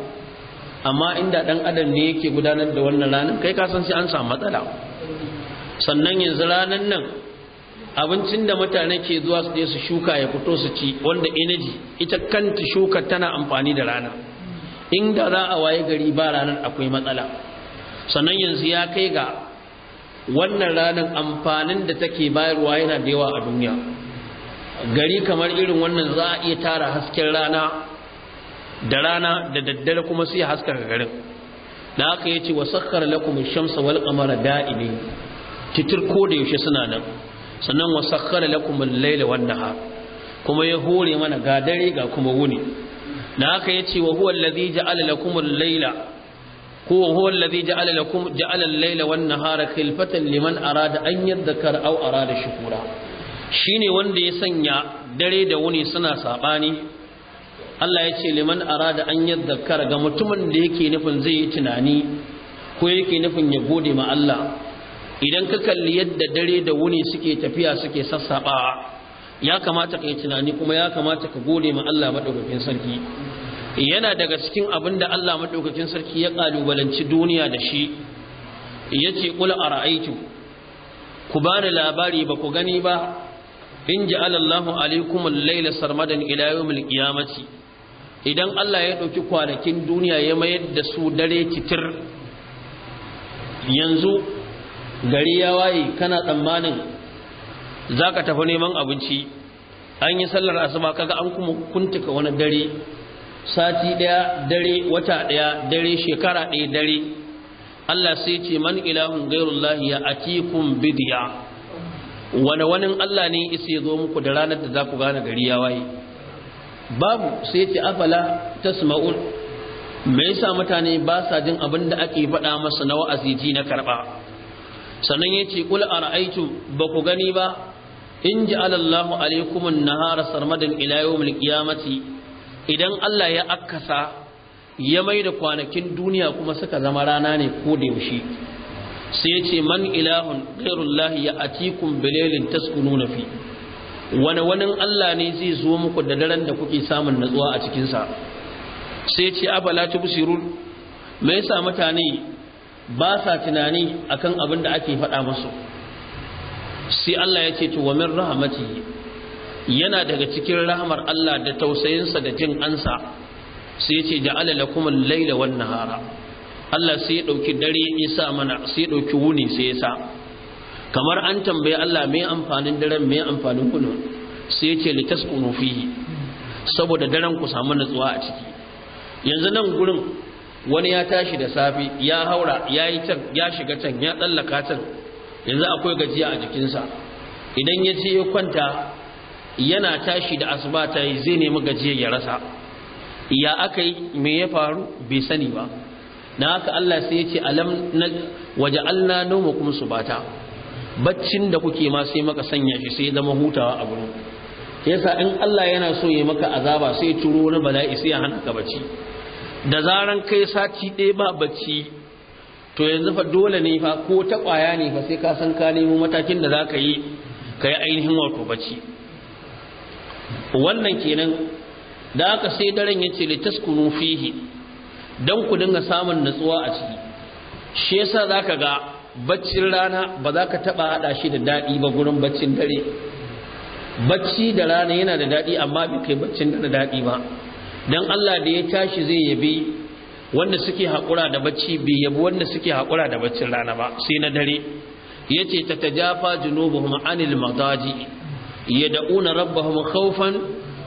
amma inda dan adam ne yake gudanar da wannan ranar kai kasan sai an samu matsala sannan yanzu ranar nan abincin da mutane ke zuwa su je su shuka ya fito su ci wanda energy ita kanta shuka tana amfani da rana inda za a waye gari ba ranar akwai matsala sannan yanzu ya kai ga wannan ranar amfanin da take bayarwa yana da yawa a duniya gari kamar irin wannan za a iya tara hasken rana da rana da daddare kuma sai haskaka garin da haka ce wa sakhkhara lakum shamsa wal qamara da'ibin titir ko da yaushe suna nan sannan wa sakhkhara lakum Laila layla wan kuma ya hore mana ga dare ga kuma wuni da haka ce wa huwa alladhi ja'ala lakum al-layla huwa huwa alladhi ja'ala lakum ja'ala al wan nahara khilfatan liman arada an yadhakkara aw arada shukura Shi ne wanda ya sanya dare da wuni suna saɓani Allah ya ce liman da an yadhakkara ga mutumin da yake nufin zai yi tunani ko yake nufin ya gode ma Allah idan ka kalli yadda dare da wuni suke tafiya suke sassaɓa ya kamata ka yi tunani kuma ya kamata ka gode ma Allah madaukakin sarki yana daga cikin abin da Allah madaukakin sarki ya kalubalanci duniya da shi Ya ce yace a ra'aitu ku bani labari ba ku gani ba in ja'alallahu alaikum al-laila sarmadan ila yawmil idan Allah ya ɗauki kwanakin duniya ya mayar da su dare citir yanzu gari ya waye kana tsammanin za ka tafi neman abinci an yi sallar asuba kaga an kuma kuntuka wani dare sati ɗaya dare wata ɗaya dare shekara ɗaya dare Allah sai ce man ilahun gairullahi ya atikum bidiya wani wani Allah ne isa ya zo muku da ranar da za ku gane gari ya waye babu sai ce afala ta Sma'ul. mai sa mutane ba sa jin abin da ake faɗa masa na wa'azi ji na karɓa sannan ya ce a ara'aytum ba ku gani ba in ji alallahu alaykum na nahara Sarmadin ila yawmil qiyamati idan Allah ya akkasa ya mai da kwanakin duniya kuma suka zama rana ne ko da yaushe sai ya ce man ilahun ghairullahi ya atikum bilailin na fi wani wani Allah ne zai zo muku da daren da kuke samun natsuwa a cikinsa sai ce abala ta busirun me yasa mutane ba sa tunani akan abin da ake faɗa musu sai Allah ya ce to wa min yana daga cikin rahmar Allah da tausayinsa da jin ansa sai ce ja'ala lakum al-laila wan hara. Allah sai ya ɗauki dare ya mana sai ya ɗauki wuni sai ya sa kamar an tambayi Allah mai amfanin daren mai amfanin kunu sai ya ce litas fihi saboda daren ku samu natsuwa a ciki yanzu nan gurin wani ya tashi da safe ya haura ya yi can ya shiga can ya tsallaka can yanzu akwai gajiya a jikinsa idan ya ce ya kwanta yana tashi da asuba ta zai nemi gajiya ya rasa ya aka yi me ya faru bai sani ba Da haka Allah sai ya ce alam waja'alna nawmakum subata baccin da kuke ma sai maka sanya shi sai zama hutawa a gurin yasa in Allah yana so ya maka azaba sai turo wani bala'i sai ya hanka bacci da zaran kai sati ɗaya ba bacci to yanzu fa dole ne fa ko ta ƙwaya ne fa sai ka san ka nemo matakin da za ka yi ka yi ainihin wato bacci wannan kenan da aka sai daren yace ce litaskunu fihi don ku dinga samun natsuwa a ciki shi yasa zaka ga baccin rana ba za ka taba hada shi da daɗi ba gurin baccin dare bacci da rana yana da daɗi amma bai kai baccin da daɗi ba don Allah da ya tashi zai yabi wanda suke haƙura da bacci bai yabi wanda suke haƙura da baccin rana ba sai na dare ya ce ta ta jafa junubuhum anil madaji ya da'una rabbahum khawfan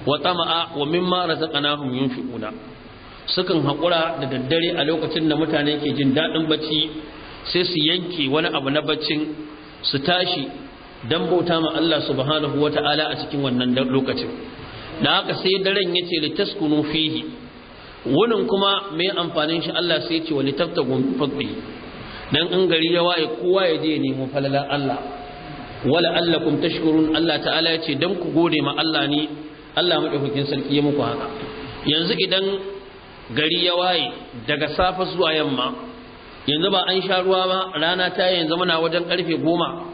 wa tama'a wa mimma razaqnahum yunfiquna sukan haƙura da daddare a lokacin da mutane ke jin daɗin bacci sai su yanke wani abu na baccin su tashi don bauta ma Allah subhanahu wata'ala a cikin wannan lokacin da haka sai daren yace ce taskunu fihi wunin kuma mai amfanin shi Allah sai ce wa li taftagun fadli in gari ya waye kowa ya je nemo falalar Allah wala allakum tashkurun Allah ta'ala ya ce dan ku gode ma Allah ne Allah madaukakin sarki ya muku haka yanzu idan gari ya waye daga safe zuwa yamma yanzu ba an sha ruwa ba rana ta yi yanzu muna wajen karfe goma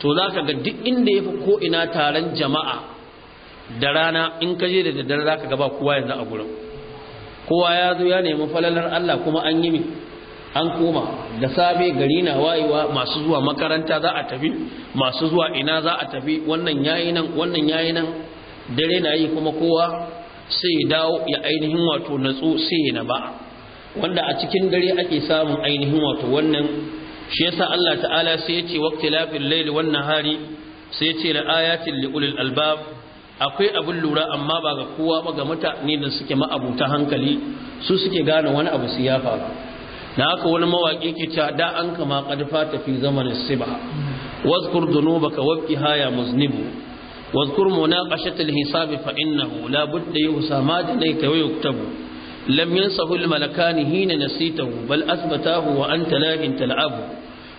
to za ka ga duk inda ya fi ko'ina taron jama'a da rana in ka je da daddare za ka gaba kowa yanzu a gurin kowa ya zo ya nemi falalar Allah kuma an yi an koma da safe gari na wayewa masu zuwa makaranta za a tafi masu zuwa ina za a tafi wannan yayi nan wannan yayi nan dare na yi kuma kowa sai dawo ya ainihin wato natsu sai na ba. wanda a cikin dare ake samun ainihin wato wannan shi yasa Allah ta'ala sai yace waqtilafil layli wan nahari sai yace la ayatin li ulil albab akwai abin lura amma ba ga kowa ba ga mutane da suke ma'abuta hankali su suke gane wani abu su ya faru na haka wani mawaƙi ke ta, da an kama ƙarfa tafi zamanin siba wazkur dunubaka wabki haya muznibu واذكر مناقشة الحساب فإنه لا بد يوسى ما دنيت ويكتب لم ينصه الملكان حين نسيته بل أثبتاه وأنت لاه تلعب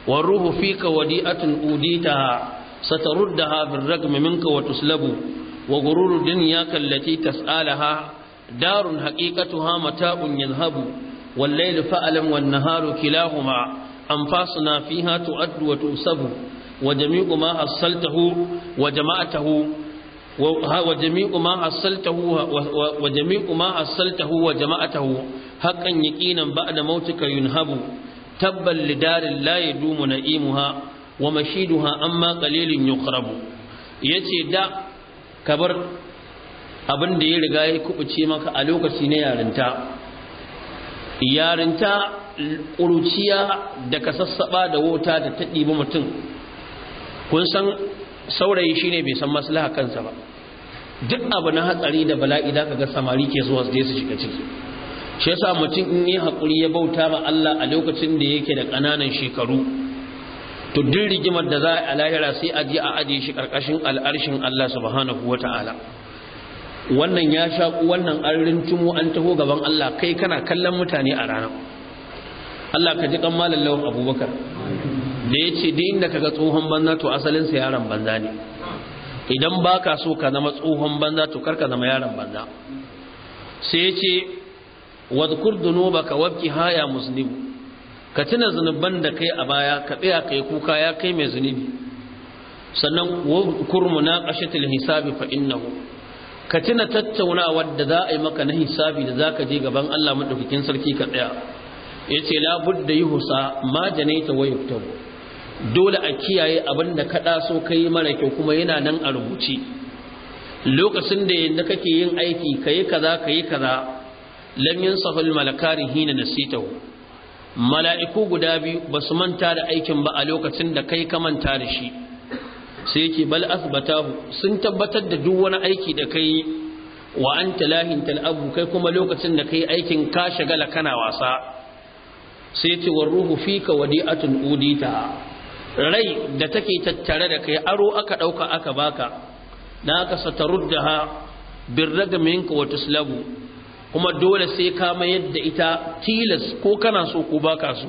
والروح فيك وديئة أوديتها ستردها بالرقم منك وتسلب وغرور دنياك التي تسألها دار حقيقتها متاع يذهب والليل فألم والنهار كلاهما أنفاسنا فيها تؤد وتؤسب wa jami'u ma hassaltahu wa jama'atahu wa jami'u ma hassaltahu wa jami'u ma hassaltahu wa jama'atahu haqqan tabban lidarin la yadumu na'imuha wa mashiduha amma qalilin yuqrabu yace da ka bar abin da ya riga ya kubuce maka a lokaci na yarinta yarinta ƙuruciya da ka sassaɓa da wuta da ta ɗibi mutum kun san saurayi shine bai san maslaha kansa ba duk abu na hatsari da bala'i da kaga samari ke zuwa su je su shiga ciki shi yasa mutum in yi hakuri ya bauta ma Allah a lokacin da yake da kananan shekaru to duk rigimar da za a lahira sai a ji a ajiye shi ƙarƙashin al'arshin Allah subhanahu wata'ala wannan ya shaƙu wannan an tumo an taho gaban Allah kai kana kallon mutane a rana Allah ka ji kan malam lawan abubakar da ya ce din da kaga tsohon banza to asalinsa yaron banza ne idan ba ka so ka zama tsohon banza to karka zama yaron banza sai ya ce wadkur dunubaka wabki haya musnibu ka tuna zunuban da kai a baya ka tsaya kai kuka ya kai mai zunubi sannan wadkur munaqashatil hisabi fa innahu ka tuna tattaunawar da za a yi maka na hisabi da za ka je gaban Allah madaukakin sarki ka tsaya ya ce budda yi ma janaita wa yuktabu dole a kiyaye abin da ka ɗaso ka yi mara kyau kuma yana nan a rubuce lokacin da yadda kake yin aiki ka yi kaza ka yi kaza lam yin safal malakari hina na sitau mala'iku guda biyu ba su manta da aikin ba a lokacin da kai ka manta da shi sai yake bal asbata sun tabbatar da duk wani aiki da kai wa anta talahin tal'abu kai kuma lokacin da kai aikin ka shagala kana wasa sai ce ka ruhu fika wadi'atun udita rai da take tattare da kai aro aka ɗauka aka baka na aka satarudda ha birraga minka wata slabu kuma dole sai ka mayar da ita tilas ko kana so ko baka so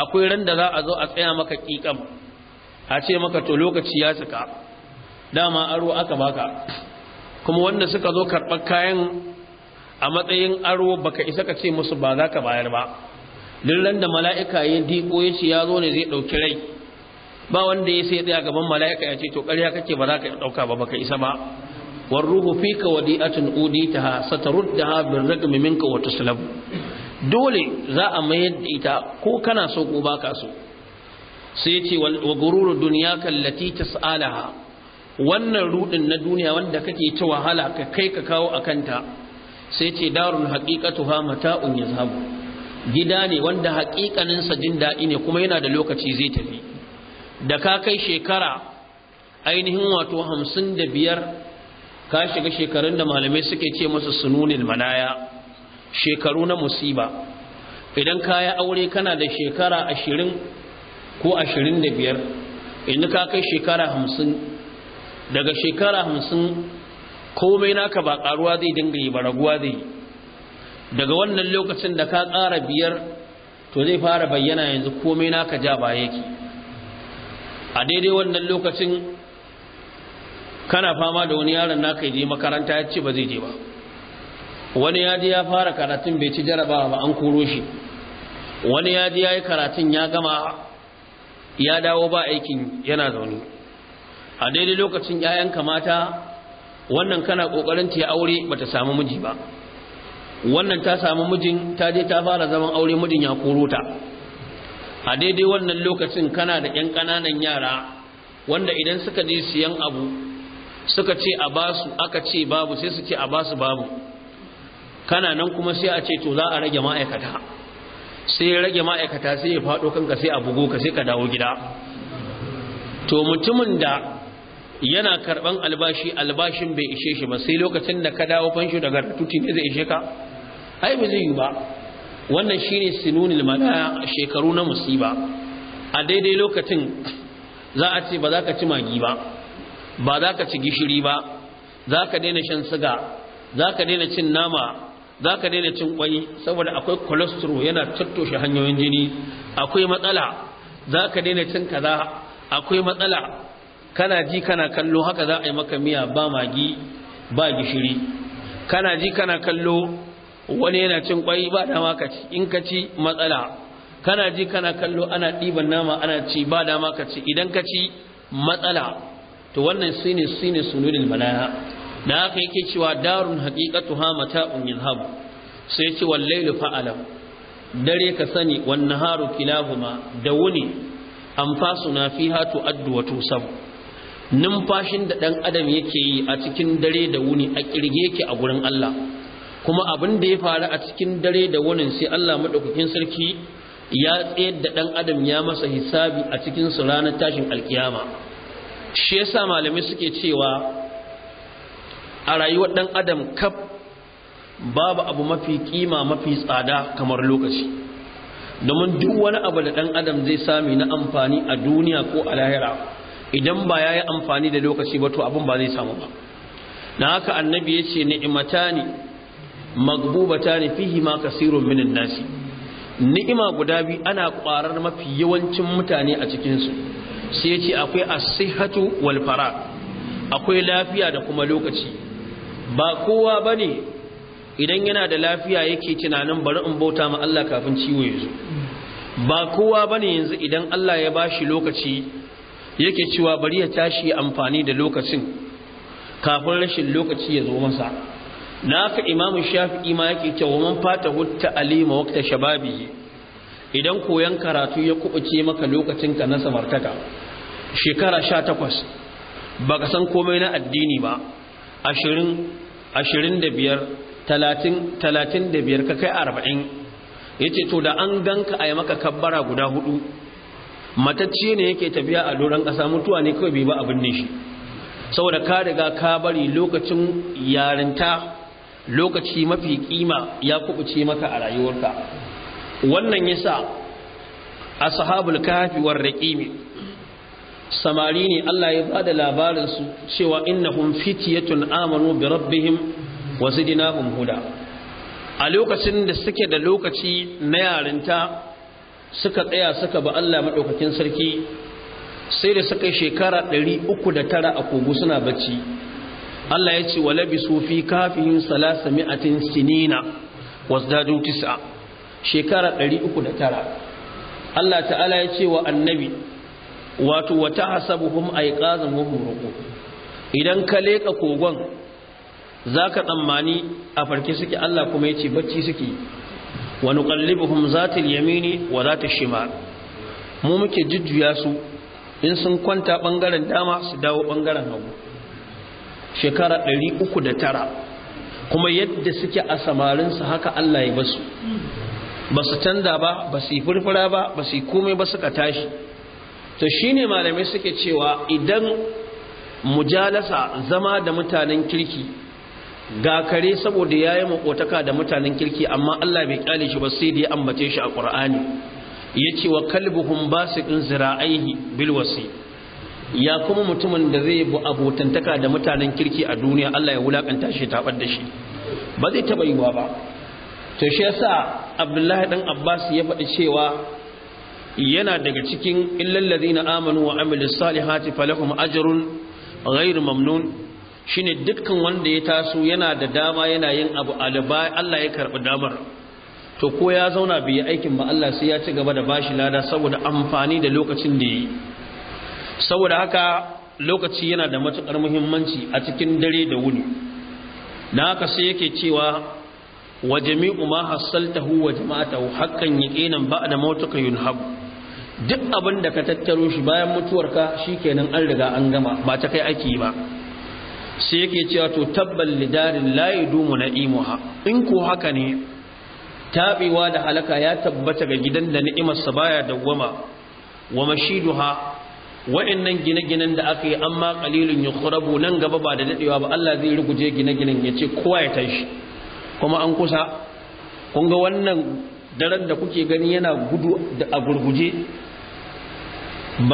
akwai ran da za a zo a tsaya maka kikam a ce maka to lokaci ya saka dama aro aka baka kuma wanda suka zo karɓar kayan a matsayin aro baka isa ka ce musu ba za ka bayar ba duk ran da mala'ika ya diko ya ya zo ne zai ɗauki rai ba wanda ya sai tsaya gaban mala'ika ya ce to ƙarya kake ba za ka ɗauka ba baka isa ba war ruhu fika wadi'atun uditaha sataruddaha bil ragmi minka wa tuslab dole za a mayar da ita ko kana so ko baka so sai ce wa gururu dunyaka allati tas'alaha wannan rudin na duniya wanda kake ta wahala ka kai ka kawo akanta sai ce darul haqiqatuha mata'un yazhabu gida ne wanda sa jin daɗi ne kuma yana da lokaci zai tafi da ka kai shekara ainihin wato hamsin da biyar ka shiga shekarun da malamai suke ce masa sununin manaya shekaru na musiba idan ka yi aure kana da shekara ashirin ko ashirin da biyar inda ka kai shekara hamsin daga shekara hamsin komai naka ba karuwa zai dinga yi ba raguwa zai daga wannan lokacin da ka ƙara biyar to zai fara bayyana yanzu komai naka ja ba yake a daidai wannan lokacin kana fama da wani yaron naka je makaranta ya ce ba zai je ba wani ya ji ya fara karatun bai ci jarabawa ba an kuro shi wani ya ji ya yi karatun ya gama ya dawo ba aikin yana zaune a daidai lokacin 'ya'yan kamata, wannan kana kokarin ta aure bata samu miji ba wannan ta samu mijin ta je ta fara zaman aure mijin ya koro ta a daidai wannan lokacin kana da 'yan ƙananan yara wanda idan suka je siyan abu suka ce a basu aka ce babu sai su ce a basu babu kana nan kuma sai a ce to za a rage ma'aikata sai ya rage ma'aikata sai ya faɗo kanka sai a bugo ka sai ka dawo gida to mutumin da yana karɓan albashi albashin bai ishe shi ba sai lokacin da ka dawo fanshi daga tutu ne zai ishe ka ai ba zai yi ba wannan shi ne sinunil mada shekaru na musiba a daidai lokacin za a ce ba za ka ci magi ba ba za ka ci gishiri ba za ka daina shan siga za ka daina cin nama za ka daina cin kwai saboda akwai cholesterol yana tattoshe hanyoyin jini akwai matsala za ka daina cin kaza akwai matsala kana ji kana kallo haka za a yi maka miya ba magi ba gishiri kana ji kana kallo wani yana cin kwai ba dama ka ci in ka ci matsala kana ji kana kallo ana ɗiban nama ana ci ba dama ka ci idan ka ci matsala to wannan sine sine sunudin malaya. da haka yake cewa darun mata unyin yadhhab sai ce wallai lufa alam dare ka sani wan naharu kilahuma da wuni na fi hatu addu wa sabu numfashin da ɗan adam yake yi a cikin dare da wuni a ƙirge ki a gurin Allah kuma abin da ya faru a cikin dare da wunin sai Allah maɗaukakin sarki ya tsayar da ɗan adam ya masa hisabi a cikin su ranar tashin alkiyama shi yasa malamai suke cewa a rayuwar ɗan adam kaf babu abu mafi kima mafi tsada kamar lokaci domin duk wani abu da ɗan adam zai sami na amfani a duniya ko a lahira idan ba ya yi amfani da lokaci ba to abin ba zai samu ba na haka annabi ya ce ni'imatani maghbubatani fihi ma kasirun minan nasi ni'ima guda bi ana kwarar mafi yawancin mutane a cikinsu. su sai ya ce akwai as-sihhatu wal fara akwai lafiya da kuma lokaci ba kowa bane idan yana da lafiya yake tunanin bari in bauta ma Allah kafin ciwo ya zo ba kowa bane yanzu idan Allah ya bashi lokaci yake cewa bari ya tashi amfani da lokacin kafin rashin lokaci ya zo masa Na naka imamu shafi'i ma yake cewa man fata hutta alima wakta shababi idan koyan karatu ya kubuce maka lokacin ka na samartaka shekara 18 baka san komai na addini ba 20 25 30 35 ka kai 40 yace to da an ganka ayi maka kabbara guda hudu matacce ne yake tafiya a doron ƙasa mutuwa ne kawai bai ba abin ne shi saboda ka riga ka bari lokacin yarinta lokaci mafi kima ya kubuce maka a rayuwarka wannan yasa ashabul kahfi war raqimi samari ne Allah ya bada labarin su cewa innahum fitiyatun amanu bi rabbihim wa zidnahum huda a lokacin da suke da lokaci na yarinta suka tsaya suka ba Allah madaukakin sarki sai da suka shekara 309 a kogo suna bacci Allah ya ce wa labisu fi kafihin salasa mi'atin sinina wasdadu tis'a shekara 309 Allah ta'ala ya ce wa annabi wato wa tahasabuhum ayqazan wa hum idan ka leka kogon zaka tsammani a farke suke Allah kuma ya ce bacci suke wa nuqallibuhum zatil yamini wa zatil shimal mu muke jujjuya su in sun kwanta ɓangaren dama su dawo bangaren hagu shekara tara kuma yadda suke a samarinsu haka Allah ya basu ba su canza ba ba su yi furfura ba ba su yi komai ba suka tashi to shine malamai suke cewa idan mujalasa zama da mutanen kirki ga kare saboda ya yi makotaka da mutanen kirki amma Allah bai kyale shi ba sai da ya ambace shi a ƙur'ani ya ce wa kalbuhun basiƙin zira'ai bilwasi ya kuma mutumin da zai bu abotantaka da mutanen kirki a duniya Allah ya wulakanta shi tabar da shi ba zai taba yiwa ba to shi yasa Abdullahi dan Abbas ya faɗi cewa yana daga cikin illal ladina amanu wa amilus salihati falahum ajrun ghairu mamnun shine dukkan wanda ya taso yana da dama yana yin abu alba Allah ya karbi damar to ko ya zauna bai aikin ba Allah sai ya ci gaba da bashi lada saboda amfani da lokacin da yi saboda haka lokaci yana da matuƙar muhimmanci a cikin dare da wuni na haka sai yake cewa wa jami'u ma hasaltahu wa jama'atahu hakan yaqinan ba'da mautuka yunhab duk abin da ka tattaro shi bayan mutuwarka shikenan an riga an gama ba ta kai aiki ba sai yake cewa to tabbal lidarin la yadumu na'imuha in ko haka ne tabewa da halaka ya tabbata ga gidan da ni'imar sa baya dawwama wa mashiduha wa'annan gine-ginen da aka yi amma ya yukhrabu nan gaba ba da daɗewa ba Allah zai ruguje gine-ginen ya ce kowa ya tashi kuma an kusa kun ga wannan daren da kuke gani yana gudu da a gurguje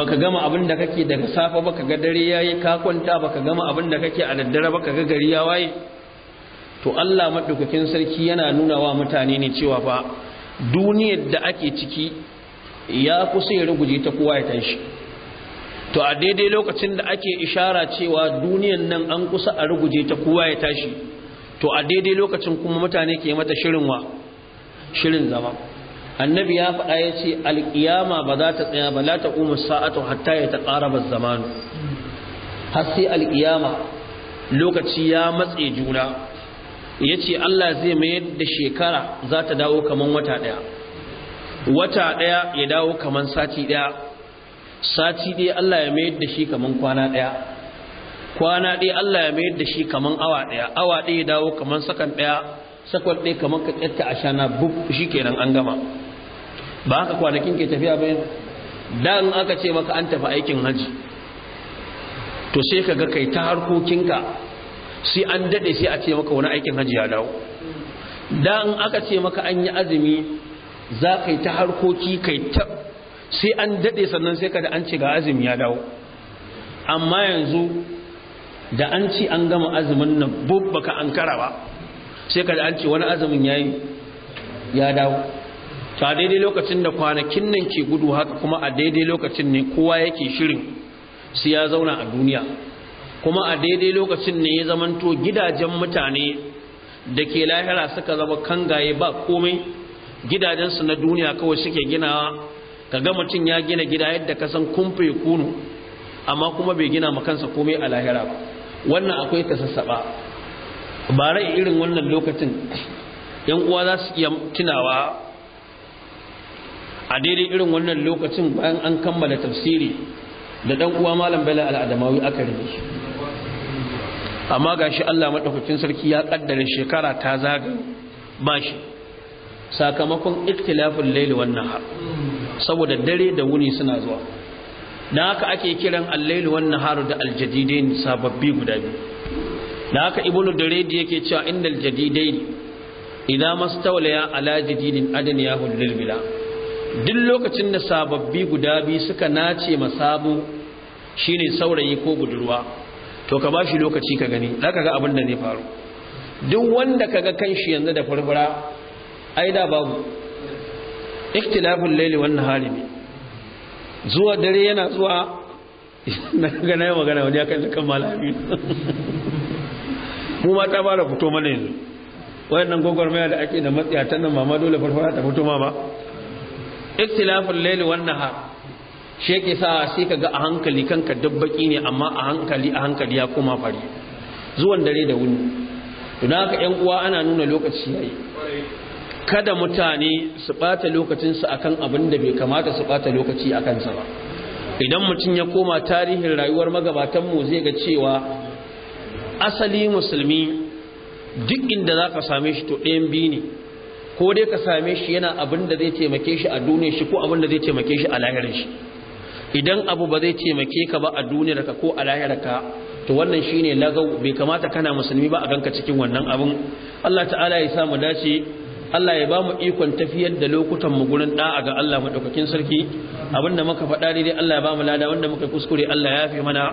ka gama abin da kake daga safa ka ga dare ya yi ka kwanta ka gama abin da kake a daddare ka ga gari ya waye to Allah maɗaukakin sarki yana nuna wa mutane ne cewa fa duniyar da ake ciki ya kusa ya ruguje ta kowa ya tashi to a daidai lokacin da ake ishara cewa duniyan nan an kusa a ruguje ta kowa ya tashi to a daidai lokacin kuma mutane ke mata shirin wa shirin zama annabi ya faɗa ya ce alƙiyama ba za ta tsaya ba la ta umu sa'atu hatta ya ta ƙara ba zamanu har sai alƙiyama lokaci ya matse juna ya ce Allah zai mayar da shekara za ta dawo kaman wata ɗaya wata ɗaya ya dawo kamar sati ɗaya sati ɗaya Allah ya mayar da shi kaman kwana ɗaya kwana ɗaya Allah ya mayar da shi kaman awa ɗaya awa ɗaya dawo kaman sakan ɗaya sakon ɗaya kaman ka ƙyatta a shana bub shi kenan an gama ba haka kwanakin ke tafiya ba da in aka ce maka an tafi aikin haji to sai ka ga kai ta harkokinka sai an daɗe sai a ce maka wani aikin haji ya dawo da in aka ce maka an yi azumi za kai ta harkoki kai ta sai an daɗe sannan sai kada an ce ga azumi ya dawo amma yanzu da an ci an gama azumin nan ka an kara ba sai kada an ce wani azumin ya yi ya dawo ta daidai lokacin da kwanakin nan ke gudu haka kuma a daidai lokacin ne kowa yake shirin sai ya zauna a duniya kuma a daidai lokacin ne ya zamanto gidajen mutane da ke lahira suka zama kangaye ba komai gidajensu na duniya kawai suke ginawa Ka ga mutum ya gina gida yadda ka san kumfe kunu amma kuma bai gina ma kansa komai a lahira ba wannan akwai ta sassaba ba rai irin wannan lokacin yan uwa za su iya tunawa a daidai irin wannan lokacin bayan an kammala tafsiri da dan uwa malam bala al'adamawi aka rike amma gashi Allah madaukakin sarki ya kaddara shekara ta zaga ba sakamakon ikhtilafin laili wannan nahar saboda dare da wuni suna zuwa da haka ake kiran allailu wan naharu da aljadidain sababbi guda biyu da haka ibnu daridi yake cewa innal jadidain idan mastawliya ala jadidin ya lil bila duk lokacin da sababbi guda biyu suka nace masabu shine saurayi ko budurwa to ka bashi lokaci ka gani zaka ga abin da zai faru duk wanda kaga kanshi yanzu da furfura ai da babu ikhtilafin laili wannan hali ne zuwa dare yana zuwa [LAUGHS] na gana yi magana wani akan zakan malami [LAUGHS] mu ma ta fara fito mana yanzu wayannan gwagwarmaya da ake da matsiya ta nan mama dole farfara ta fito ma ba ikhtilafin laili wannan har shi yake sa sai ka ga a hankali kanka dabbaki ne amma a hankali a hankali ya koma fari zuwan dare da wuni don haka yan uwa ana nuna lokaci yayi kada mutane su ɓata lokacinsu akan abin da bai kamata su ɓata lokaci a kansa ba idan mutum ya koma tarihin rayuwar magabatanmu zai ga cewa asali musulmi duk inda za ka same shi to ɗayan biyu ne ko dai ka same shi yana abin da zai taimake shi a duniyar shi ko abin da zai taimake shi a lahirar shi idan abu ba zai taimake ka ba a duniyar ka ko a lahirar ka to wannan shine lagau bai kamata kana musulmi ba a ganka cikin wannan abin Allah ta'ala ya sa mu dace Allah ya ba mu ikon tafiyar da lokutan mu gurin da'a ga Allah madaukakin sarki abinda muka faɗa dai Allah ya ba mu lada wanda muka kuskure Allah ya fi mana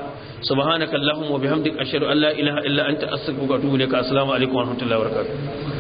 subhanakallahumma wa bihamdika ashhadu an la ilaha illa anta astaghfiruka wa atubu ilaik assalamu alaikum wa rahmatullahi wa barakatuh